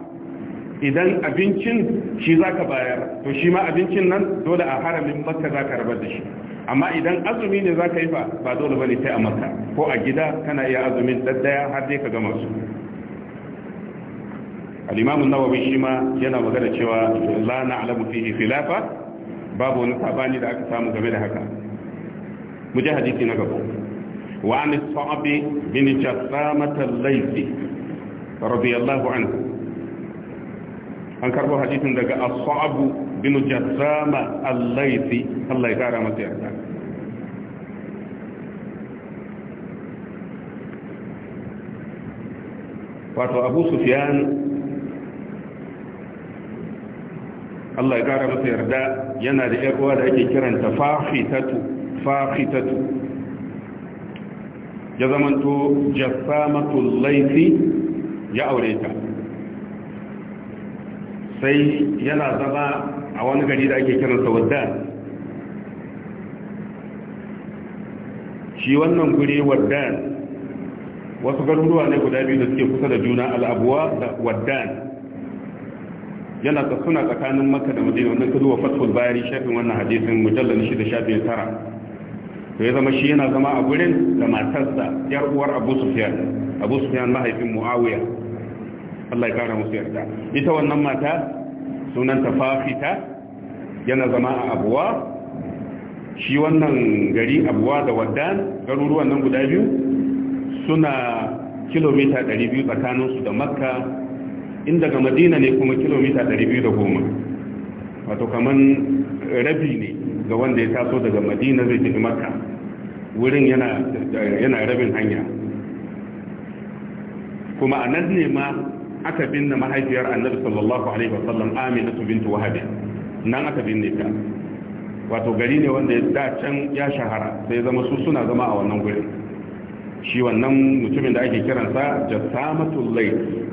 idan abincin shi za ka bayar to shi ma abincin nan dole a haramin makka ka rabar da shi amma idan azumi ne za ka yi ba ba dole ba ne sai a makka ko a gida kana iya azumin daddaya har dai ka gama su al nawawi shi ma yana magana cewa la babu wani sabani da aka samu game da haka mu ji hadisi na wa an sa'abi bin radiyallahu an karbo hadisin daga as-sa'abu bin al Allah ya kara masa yarda wato abu sufyan Allah ya ƙara masa yarda yana da yar uwa da ake kiranta fafitatu fafitatu ya zamanto jassamatul laifi ya aure ta sai yana zama a wani gari da ake kiransa waddan shi wannan guri waddan wasu garuruwa ne guda biyu da suke kusa da juna al'abuwa da waddan yana suna tsakanin makka da madina wannan kazuwa fathul bari shafin wannan hadisin mujallar shi da shafin tara to ya zama shi yana zama a gurin da matarsa yar uwar abu Sufiyar. abu Sufiyar mahaifin muawiya Allah ya kara musu yarda ita wannan mata sunanta fafita yana zama a abuwa shi wannan gari abuwa da waddan garuruwan nan guda biyu suna kilomita 200 tsakaninsu da makka in daga madina ne kuma kilomita 210 wato kaman rabi ne ga wanda ya taso daga madina zai tafi makka wurin yana rabin hanya kuma a nan ne ma aka binne mahaifiyar annabi sallallahu alaihi wasallam amina su bintu wahabi nan aka binne ta wato gari ne wanda ya da can ya shahara sai zama su suna zama a wannan gurin shi wannan mutumin da ake kiransa jassamatul layl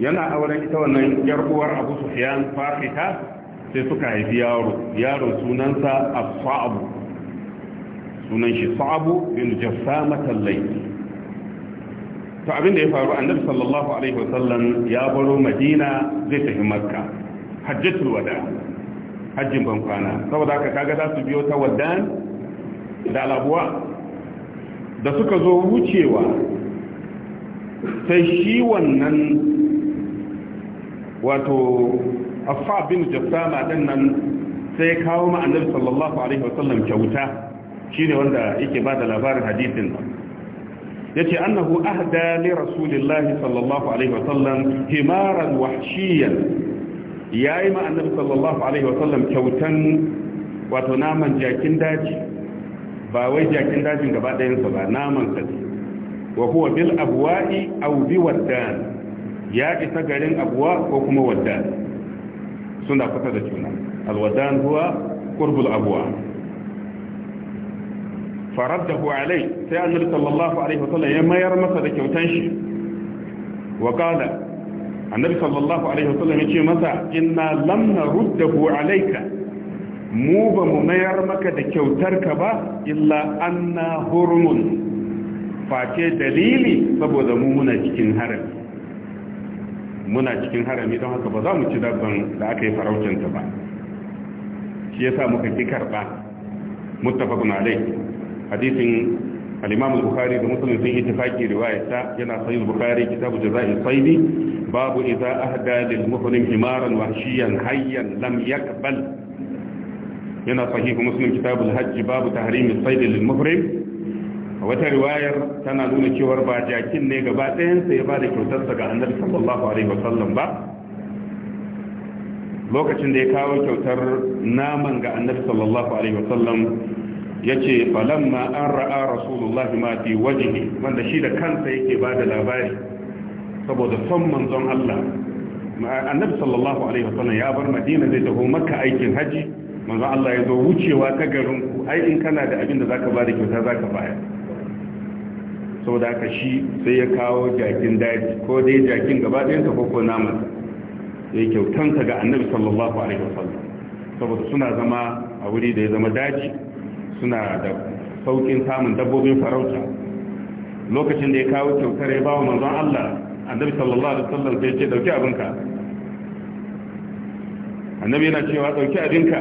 yana auren ita wannan yar uwar Abu Sufyan Fatika sai suka haifi yaro yaro sunansa As-Sa'b sunan shi Sa'b bin Jassama al-Layth to abin da ya faru annabi sallallahu alaihi wasallam ya baro madina zai tafi makka hajjatul wada hajjin ban kwana saboda haka kaga za su biyo ta waddan da alabuwa da suka zo wucewa sai shi wannan wato affa bin jassama din nan sai kawo ma annabi sallallahu alaihi wasallam kyauta shine wanda yake ba da labarin hadisin nan yace annahu ahda li rasulillahi sallallahu alaihi wasallam himaran wahshiyan yayi ma annabi sallallahu alaihi wasallam kyautan wato naman jakin daji ba wai jakin dajin gaba ɗayan ba naman sa wa huwa bil abwa'i aw bi waddan ya isa garin abuwa ko kuma waddan suna kusa da juna alwaddan huwa qurbul abuwa faraddahu alai sai annabi sallallahu alaihi wasallam ya mayar masa da kyautan shi wa qala annabi sallallahu alaihi wasallam ya ce masa inna lam naruddahu alayka mu ba mu mayar maka da kyautarka ba illa anna hurmun face dalili saboda mu muna cikin harin muna cikin harami don haka ba za mu ci dabban da aka yi faraucinta ba shi ya sa muka ki karɓa. muttafaqun alayh hadisin al-imam al-bukhari da muslim sun ittifaqi riwayata yana sahih bukhari kitabu jazaa'i Saidi babu idza ahda lil muhrim himaran wahshiyan hayyan lam yaqbal yana sahih muslim kitabu al-hajj babu tahrim as-sayd lil muhrim a wata riwayar tana nuna cewar ba jakin ne gaba ɗayansa ya ba da kyautarsa ga annabi sallallahu alaihi wasallam ba lokacin da ya kawo kyautar naman ga annabi sallallahu alaihi wasallam ya ce falamma an ra'a rasulullahi ma fi wajihi wanda shi da kansa yake ba da labari saboda son manzon Allah annabi sallallahu alaihi wasallam ya bar madina zai taho makka aikin haji manzon Allah ya zo wucewa ta garin ku ai in kana da abin da zaka ba da kyauta zaka bayar saboda haka shi sai ya kawo jakin daji ko dai jakin gaba ta ko ko naman ya kyautanta ga annabi sallallahu alaihi wasallam saboda suna zama a wuri da ya zama daji suna da saukin samun dabbobin farauta lokacin da ya kawo kyautar ya ba wa manzon Allah annabi sallallahu alaihi wasallam sai ya ce dauki abinka annabi yana cewa dauki abinka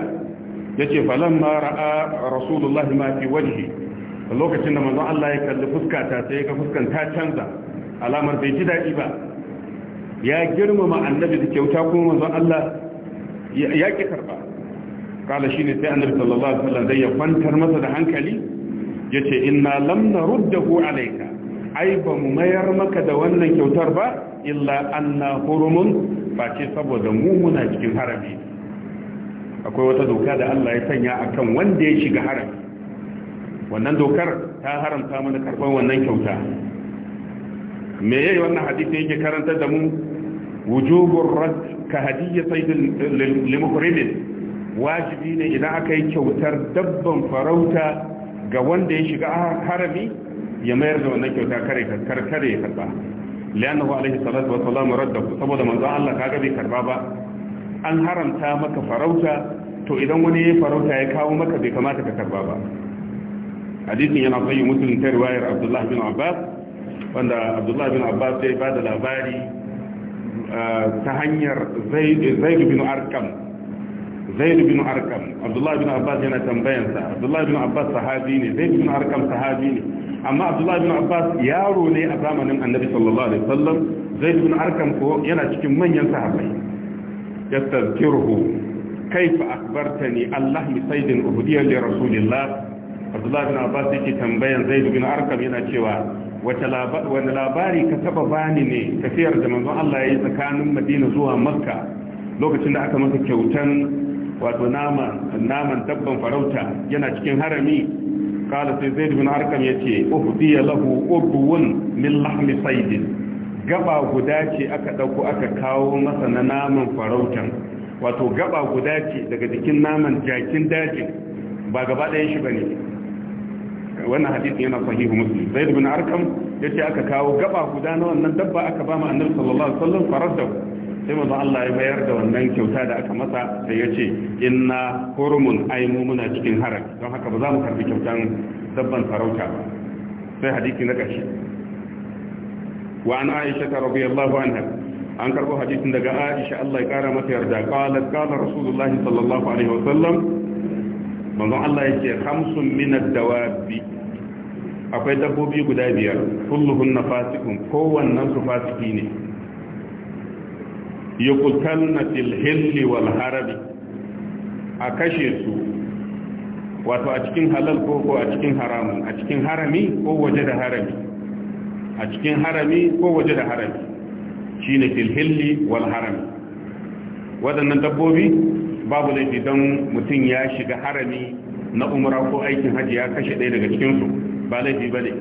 yace falamma ra'a rasulullahi ma fi wajhi lokacin da manzon Allah ya kalli fuskata sai ka fuskan ta canza alamar bai ji daɗi ba ya girmama annabi da kyauta kuma manzon Allah ya ki karba kala shine sai annabi sallallahu alaihi wasallam zai ya kwantar masa da hankali yace inna lam naruddahu alayka ai ba mu mayar maka da wannan kyautar ba illa anna hurumun face saboda mu muna cikin harami akwai wata doka da Allah ya sanya akan wanda ya shiga harami wannan dokar ta haramta mana karban wannan kyauta me yayi wannan hadisi yake karanta da mu wujubur rad ka hadiyya, sai da muhrimin wajibi ne idan aka yi kyautar dabban farauta ga wanda ya shiga harami ya mayar da wannan kyauta kare karkare ya karba liyannahu alaihi salatu wassalam radda saboda manzo Allah kaga bai karba ba an haramta maka farauta to idan wani ya farauta ya kawo maka bai kamata ka karba ba hadisin yana sayi musulun ta riwayar abdullahi bin abbas wanda abdullahi bin abbas ya ba da labari ta hanyar zaidu bin arkam zaidu bin arkam abdullahi bin abbas yana tambayansa abdullahi bin abbas sahabi ne zaidu bin arkam sahabi ne amma abdullahi bin abbas yaro ne a zamanin annabi sallallahu alaihi wasallam zaidu bin arkam ko yana cikin manyan sahabbai yastazkiruhu kaifa akhbartani allah bi sayyidin ubudiyya li rasulillah abdullahi bin abbas yake tambayan zaid bin arkam yana cewa wata wani labari ka taba bani ne tafiyar da manzon Allah yayi tsakanin Madina zuwa Makka lokacin da aka masa kyautan wato nama naman dabban farauta yana cikin harami kala sai zaid bin arkam yace uhdiya lahu urduun min lahmi sayd gaba guda ce aka dauko aka kawo masa na naman farautan wato gaba guda ce daga jikin naman jakin daji ba gaba ɗayan shi bane wannan hadisin yana sahihu muslim zaid bin arkam yace aka kawo gaba guda na wannan dabba aka ba mu annabi sallallahu alaihi wasallam faradda sai manzo Allah ya bayar da wannan kyauta da aka masa sai yace inna hurumun ay mu muna cikin haram don haka ba za mu karbi kyautan dabban farauta ba sai hadisi na ƙarshe wa an aisha ta radiyallahu anha an karbo hadisin daga Aisha Allah ya kara mata yarda qalat qala rasulullahi sallallahu alaihi wasallam manzon Allah yake khamsun min ad-dawabi akwai dabbobi guda biyar kulluhun na fasikun kowannen su fasiki ne yukutal na filhilli wal harabi a kashe su wato a cikin halal ko ko a cikin haramun a cikin harami ko waje da harami a cikin harami ko waje da harami shine filhilli wal harami waɗannan dabbobi babu laifi don mutum ya shiga harami na umra ko aikin hajji ya kashe ɗaya daga cikinsu ba laifi ba ne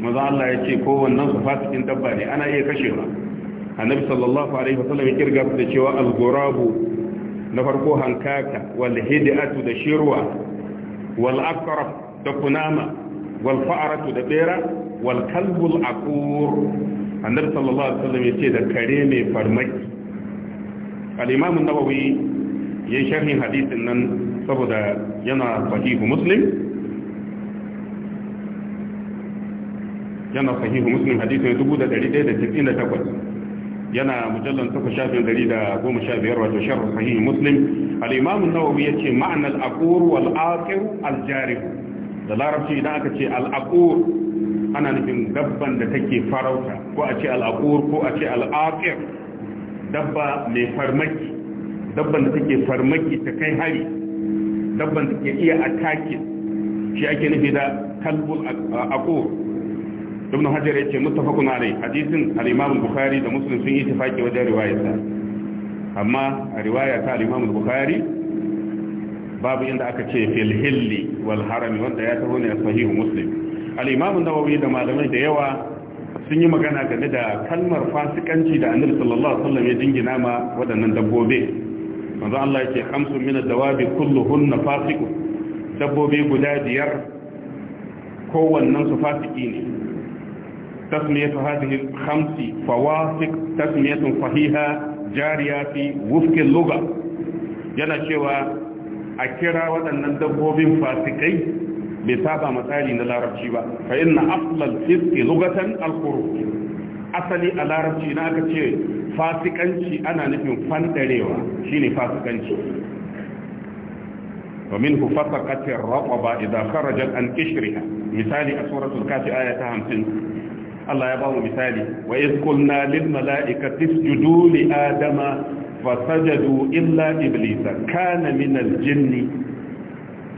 maza Allah ya ce kowannen su fasikin dabba ne ana iya kashewa annabi sallallahu alaihi wa sallam ya kirga su da cewa al-ghurabu na farko hankaka wal hidatu da shirwa wal aqrab da kunama wal fa'ratu da bera wal kalbu al aqur annabi sallallahu alaihi wa sallam ya ce da kare mai farmaki al-imam an-nawawi ya yi sharhin hadisin nan saboda yana sahihu muslim yana sahihu muslim hadisin 1198 yana mujallan tafa shafin dari da goma sha biyar wato sharh sahih muslim al-imam an-nawawi yace ma'ana al-aqur wal aqir al-jarib da larabci idan aka ce al-aqur ana nufin dabban da take farauta ko a ce al-aqur ko a ce al-aqir dabba mai farmaki dabban da take farmaki ta kai hari dabban da ke iya attacking shi ake nufi da kalbul aqur ibn hajar yace muttafaqun alai hadisin al-imam bukhari da muslim sun yi tafaki wajen riwayarsa amma a riwaya ta al-imam bukhari babu inda aka ce fil hilli wal harami wanda ya taho ne a sahihu muslim al-imam an-nawawi da malamai da yawa sun yi magana game da kalmar fasikanci da annabi sallallahu alaihi wasallam ya dingina ma waɗannan dabbobi manzo Allah yake khamsu min ad-dawabi kulluhunna fasiqun dabbobi guda biyar ko wannan su fasiki ne tasmiyatu hadhihi al-khamsi fawasiq tasmiyatun sahiha jariya fi wufqin lugha yana cewa a kira waɗannan dabbobin fasikai bai saba matsari na larabci ba fa inna aflal fiski lugatan al-qur'an asali a larabci na aka ce fasikanci ana nufin fandarewa shine fasikanci ومنه فسقت الرقبة إذا خرجت ta hamsin. Allah ya ba mu misali. Wa يبقى مثالي وإذ قلنا للملائكة اسجدوا لآدم فسجدوا إلا إبليس كان من الجن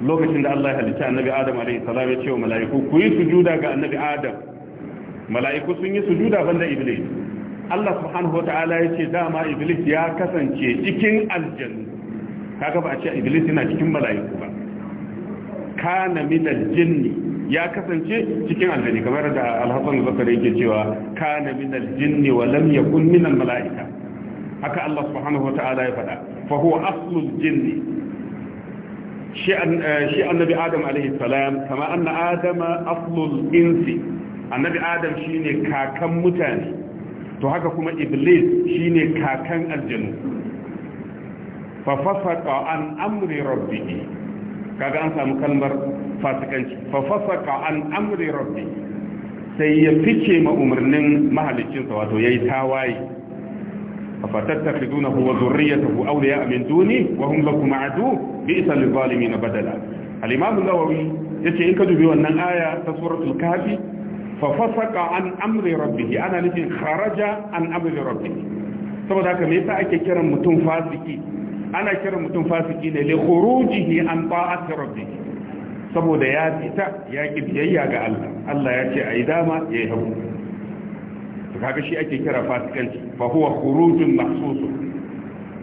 lokacin da Allah ya halitta annabi Adam alaihi salam ya ce wa mala'iku ku yi sujuda ga annabi Adam mala'iku sun yi sujuda banda Iblis Allah subhanahu wata'ala ya ce dama iblis ya kasance cikin aljanu kaga ba a ce iblis yana cikin mala'iku ba kana min jinni ya kasance cikin aljani kamar da alhassan zakari yake cewa kana min jinni wa lam yakun min mala'ika. haka Allah subhanahu wata'ala ya faɗa fa huwa aslul jinni shi eh, annabi adam alaihi salam kama anna adama aslul insi annabi adam shine kakan mutane to haka kuma iblis shine kakan aljanu fa fasaqa an amri rabbihi kaga an samu kalmar fasikanci fa fasaqa an amri rabbihi sai ya fice ma umarnin sa wato yayi tawaye أفتتخذونه وذريته أولياء من دوني وهم لكم عدو بئس للظالمين بدلا الإمام النووي yace in ka dubi wannan aya ta suratul kafi fa fasaka an amri rabbihi ana nufin kharaja an amri rabbihi saboda haka me yasa ake kiran mutum fasiki ana kiran mutum fasiki ne li khurujihi an ta'ati rabbihi saboda ya fita ya ki biyayya ga Allah Allah ya ce ai dama yayi hagu to kaga shi ake kira fasikanci fa huwa khurujun mahsus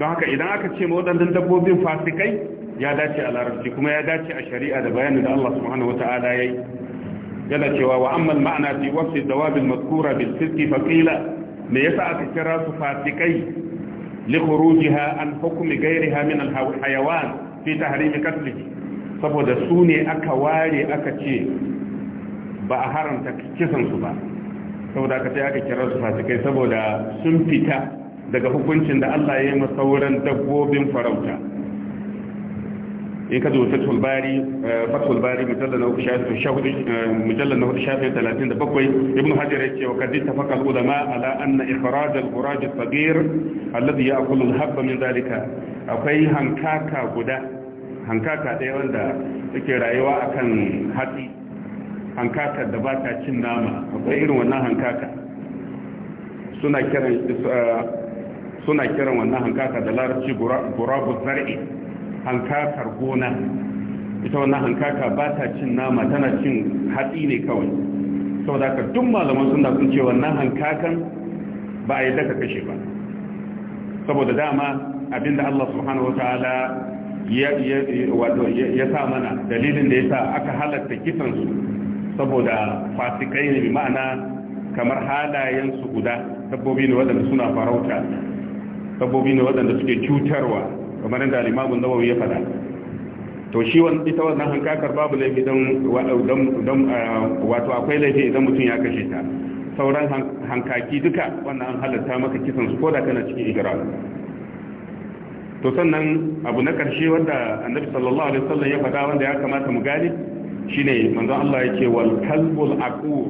don haka idan aka ce ma wadannan dabbobin fasikai ya dace a larabci kuma ya dace a shari'a da bayanin da Allah subhanahu wataala yayi yana cewa wa ma'ana fi wasfi dawabin mazkura bil fisqi fa me yasa aka kira su fasikai li khurujiha an hukmi ghayriha min al hayawan fi tahrim qatlihi saboda su ne aka ware aka ce ba a haramta kisan su ba saboda aka ce aka kira su fasikai saboda sun fita daga hukuncin da Allah ya yi masauran dabbobin farauta in ka zo fatul bari fatul bari mujallal na hudu shafi talatin da bakwai ibn hajar yake wa kadin tafaka ulama ala anna ikhraj al furaj al sagir alladhi ya'kulu al habba min dalika akwai hankaka guda hankaka ɗaya wanda take rayuwa akan hatsi hankaka da ba ta cin nama akwai irin wannan hankaka suna kiran suna kiran wannan hankaka da larabci burabu zar'i hankakar gona ita wannan hankaka ba ta cin nama tana cin hatsi ne kawai saboda ka tun malaman suna sun ce wannan hankakan ba a yi daga kashe ba saboda dama abinda Allah subhanahu ta'ala ya sa mana dalilin da ya sa aka halatta kisansu saboda fasikai ne ma'ana kamar halayensu guda dabbobi ne waɗanda suna farauta dabbobi ne waɗanda suke cutarwa kamar yadda limamun nawawi ya fada to shi wani ita wannan hankakar babu laifi don ah, wato akwai laifi idan mutum ya kashe ta sauran hankaki duka wannan an halatta maka kisan su koda kana cikin igara to sannan abu na karshe wanda annabi sallallahu alaihi wasallam ya faɗa wanda ya kamata mu gane shine manzon Allah yake wal kalbul aqu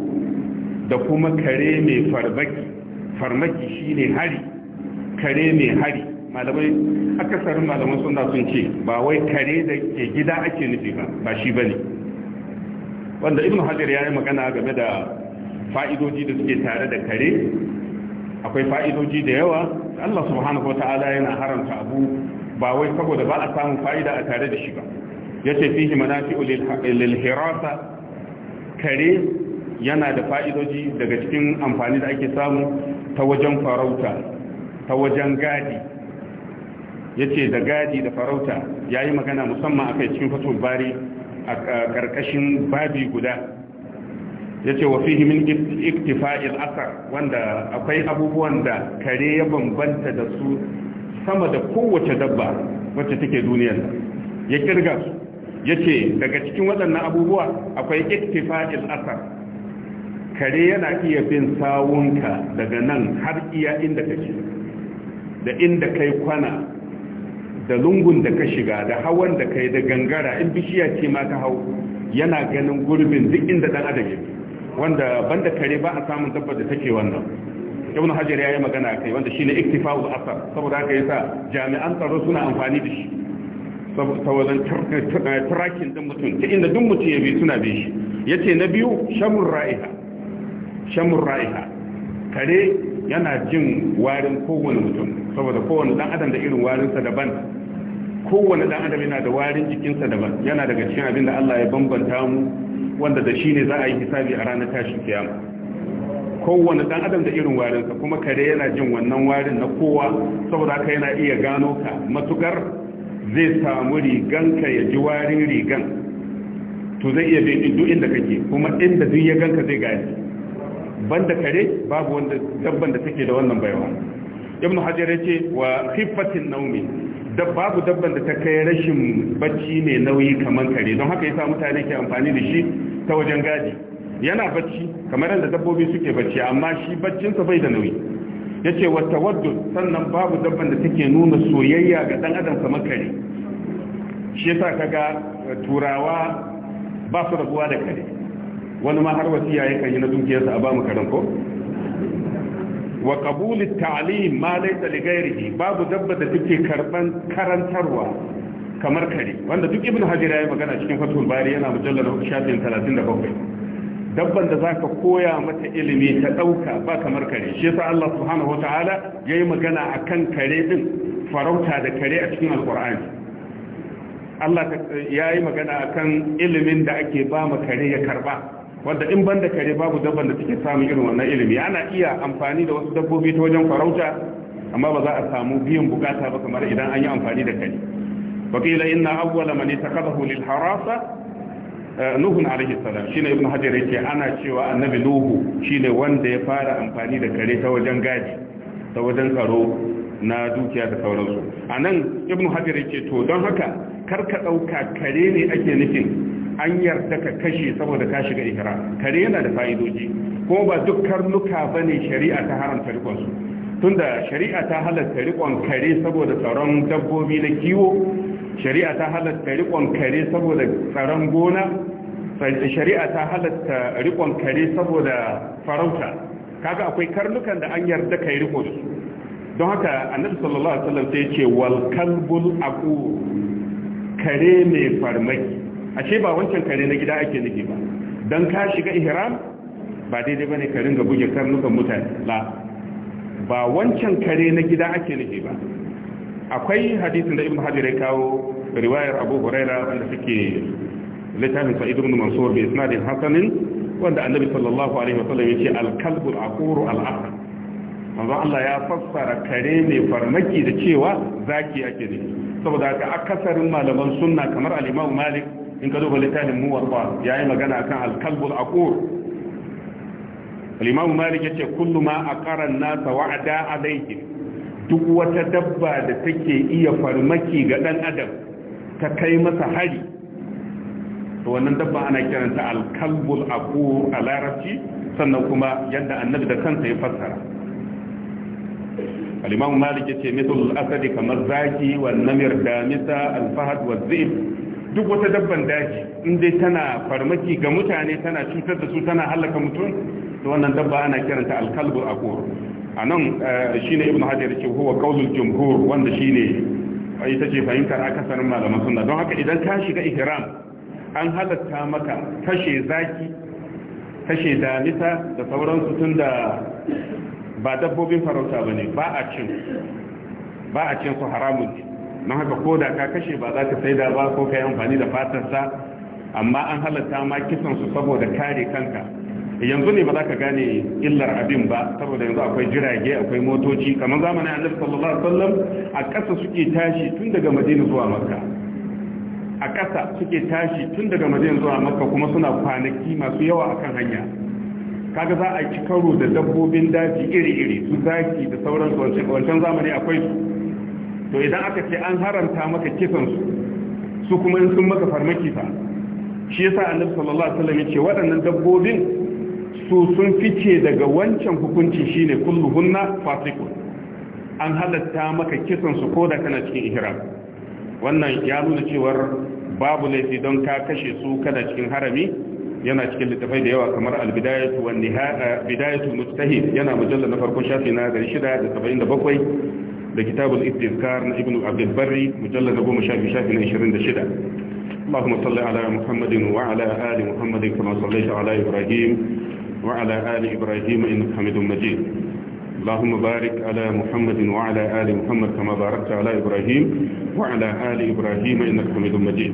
da kuma kare mai farmaki farmaki shine hari kare mai hari malamai akasarin malaman suna sun ce ba wai kare da ke gida ake nufi ba ba shi ba ne wanda ibn hajar ya yi magana game da fa'idoji da suke tare da kare akwai fa'idoji da yawa Allah subhanahu wa ta'ala yana haramta abu ba wai saboda ba a samu fa'ida a tare da shi ba ya ce fi himanafi ulilhirasa kare yana da fa'idoji daga cikin amfani da ake samu ta wajen farauta ta wajen gadi yace da gadi da farauta ya yi magana musamman akai cikin fatul bari a karkashin babi guda yace wa fihi min iktifa'i al wanda akwai abubuwan da kare ya bambanta da su sama da kowace dabba wacce take duniyar ya kirga su yace daga cikin waɗannan abubuwa akwai iktifa'i al kare yana iya bin sawunka daga nan har iya inda kake da inda kai kwana da lungun da ka shiga da hawan da kai da gangara in bishiya ce ma ta hau yana ganin gurbin duk inda dan adam yake wanda banda kare ba a samun dabbar da take wannan ibnu hajar yayi magana kai wanda shine iktifa'ul asar saboda haka yasa jami'an tsaro suna amfani da shi saboda tracking din mutum ta inda duk mutum ya bi suna bi shi yace na biyu shamur ra'iha shamur ra'iha kare yana jin warin kowane mutum saboda kowane dan adam da irin warinsa daban kowane dan adam yana da warin jikinsa daban yana daga cikin abin da Allah ya bambanta mu wanda da shi ne za a yi hisabi a ranar tashin kiyama kowane dan adam da irin warinsa kuma kare yana jin wannan warin na kowa saboda haka yana iya gano ka matukar zai samu riganka ya ji warin rigan to zai iya bin duk inda kake kuma inda duk ya ganka zai gane banda kare babu wanda dabban da take da wannan baiwa ibnu hajar yace wa khiffatin naumi babu dabban da ta kai rashin bacci mai nauyi kamar kare don haka yasa mutane ke amfani da shi ta wajen gadi yana bacci kamar yadda dabbobi suke bacci amma shi baccinsa bai da nauyi yace wa tawaddud sannan babu dabban da take nuna soyayya ga dan adam kamar kare shi yasa kaga turawa ba su rabuwa da kare wani ma har wasiya yake yi na dukiyarsa a ba mu karanko wa qabuli ta'lim ma laysa li ghairihi babu dabba da take karban karantarwa kamar kare wanda duk ibnu hajira ya magana cikin fatul bari yana mujallal shafin 37 dabban da zaka koya mata ilimi ta dauka ba kamar kare shi yasa Allah subhanahu wataala yayi magana akan kare din farauta da kare a cikin alqur'ani Allah yi magana akan ilimin da ake ba kare ya karba wanda in banda kare babu dabban da take samun irin wannan ilimi ana iya amfani da wasu dabbobi ta wajen farauta amma ba za a samu biyan bukata ba kamar idan an yi amfani da kare wakila inna awwala man ittaqadahu lil harasa eh, nuhun alaihi salam shine ibnu hajar yake ana cewa annabi nuhu shine wanda ya fara amfani da kare ta wajen gaji ta wajen tsaro na dukiya da sauransu a nan ibn hajar yake to don haka kar ka ɗauka kare ne ake nufin an yarda ka kashe saboda ka shiga ihra kare yana da fa'idoji ko ba duk karnuka ba ne shari'a ta haramta rikonsu tunda shari'a ta halatta rikon kare saboda tsaron dabbobi na kiwo shari'a ta halatta rikon kare saboda tsaron gona shari'a ta halatta rikon kare saboda farauta kaga akwai karnukan da an yarda kai yi da su don haka annabi sallallahu alaihi wasallam sai ce wal kalbul aqu kare mai farma'i. ashe ba wancan kare na gida ake nufi ba dan ka shiga ihram ba daidai bane ka ringa buge karnukan mutane la ba wancan kare na gida ake nufi ba akwai hadisin da ibn hajar ya kawo riwayar abu huraira wanda suke littafin sa'id ibn mansur bi isnadin hasanin wanda annabi sallallahu alaihi wasallam ya ce al kalbul aquru al aqr manzo Allah ya fassara kare mai farmaki da cewa zaki ake ne saboda akasarin malaman sunna kamar al-Imam Malik in ka duba littafin Muwatta yayi magana akan al-kalbul aqur al-Imam Malik yace kullu ma aqara an-nas wa'ada alayhi duk wata dabba da take iya farmaki ga dan adam ta kai masa hari to wannan dabba ana kiranta al-kalbul aqur a larabci sannan kuma yadda annabi da kansa ya fassara al-imam malik yace mithlu al-asadi kamar zaki wan damisa al-fahad duk wata dabban daji in dai tana farmaki ga mutane tana cutar da su tana halaka mutum to wannan dabba ana kiranta al-kalbu aqur anan eh, shine ibnu hajar yace huwa qawlul jumhur wanda shine ita ce fahimtar akasarin malaman sunna don haka idan ka shiga ihram an halatta maka kashe zaki kashe damisa da sauransu tun da ba dabbobin farauta ba ne ba a cin ba a su haramun ne na haka ko da ka kashe ba za ka da ba ko ka amfani da fatarsa amma an halatta ma kisan su saboda kare kanka yanzu ne ba za ka gane illar abin ba saboda yanzu akwai jirage akwai motoci kamar zamanin annabi sallallahu alaihi wasallam a ƙasa suke tashi tun daga madina zuwa makka a ƙasa suke tashi tun daga madina zuwa makka kuma suna kwanaki masu yawa akan hanya kaga za a ci karo da dabbobin daji iri-iri su zaki da sauran wancan zamani akwai su to idan aka ce an haramta maka kisan su su kuma in sun maka farmaki fa shi yasa annabi sallallahu alaihi wasallam yace waɗannan dabbobin su sun fice daga wancan hukuncin shine kulluhunna fasiqun an halatta maka kisan su koda kana cikin ihram wannan ya nuna cewa babu laifi don ka kashe su kana cikin harami yana cikin littafai da yawa kamar albidayat wa nihaya bidayatu mustahid yana mujallal na farko shafi na 677 da kitabul istizkar na ibnu abdul barri mujallal na 10 shafi shafi na 26 اللهم صل على محمد وعلى آل محمد كما صليت على إبراهيم وعلى آل إبراهيم إنك حميد مجيد اللهم بارك على محمد وعلى آل محمد كما باركت على إبراهيم وعلى آل إبراهيم إنك حميد مجيد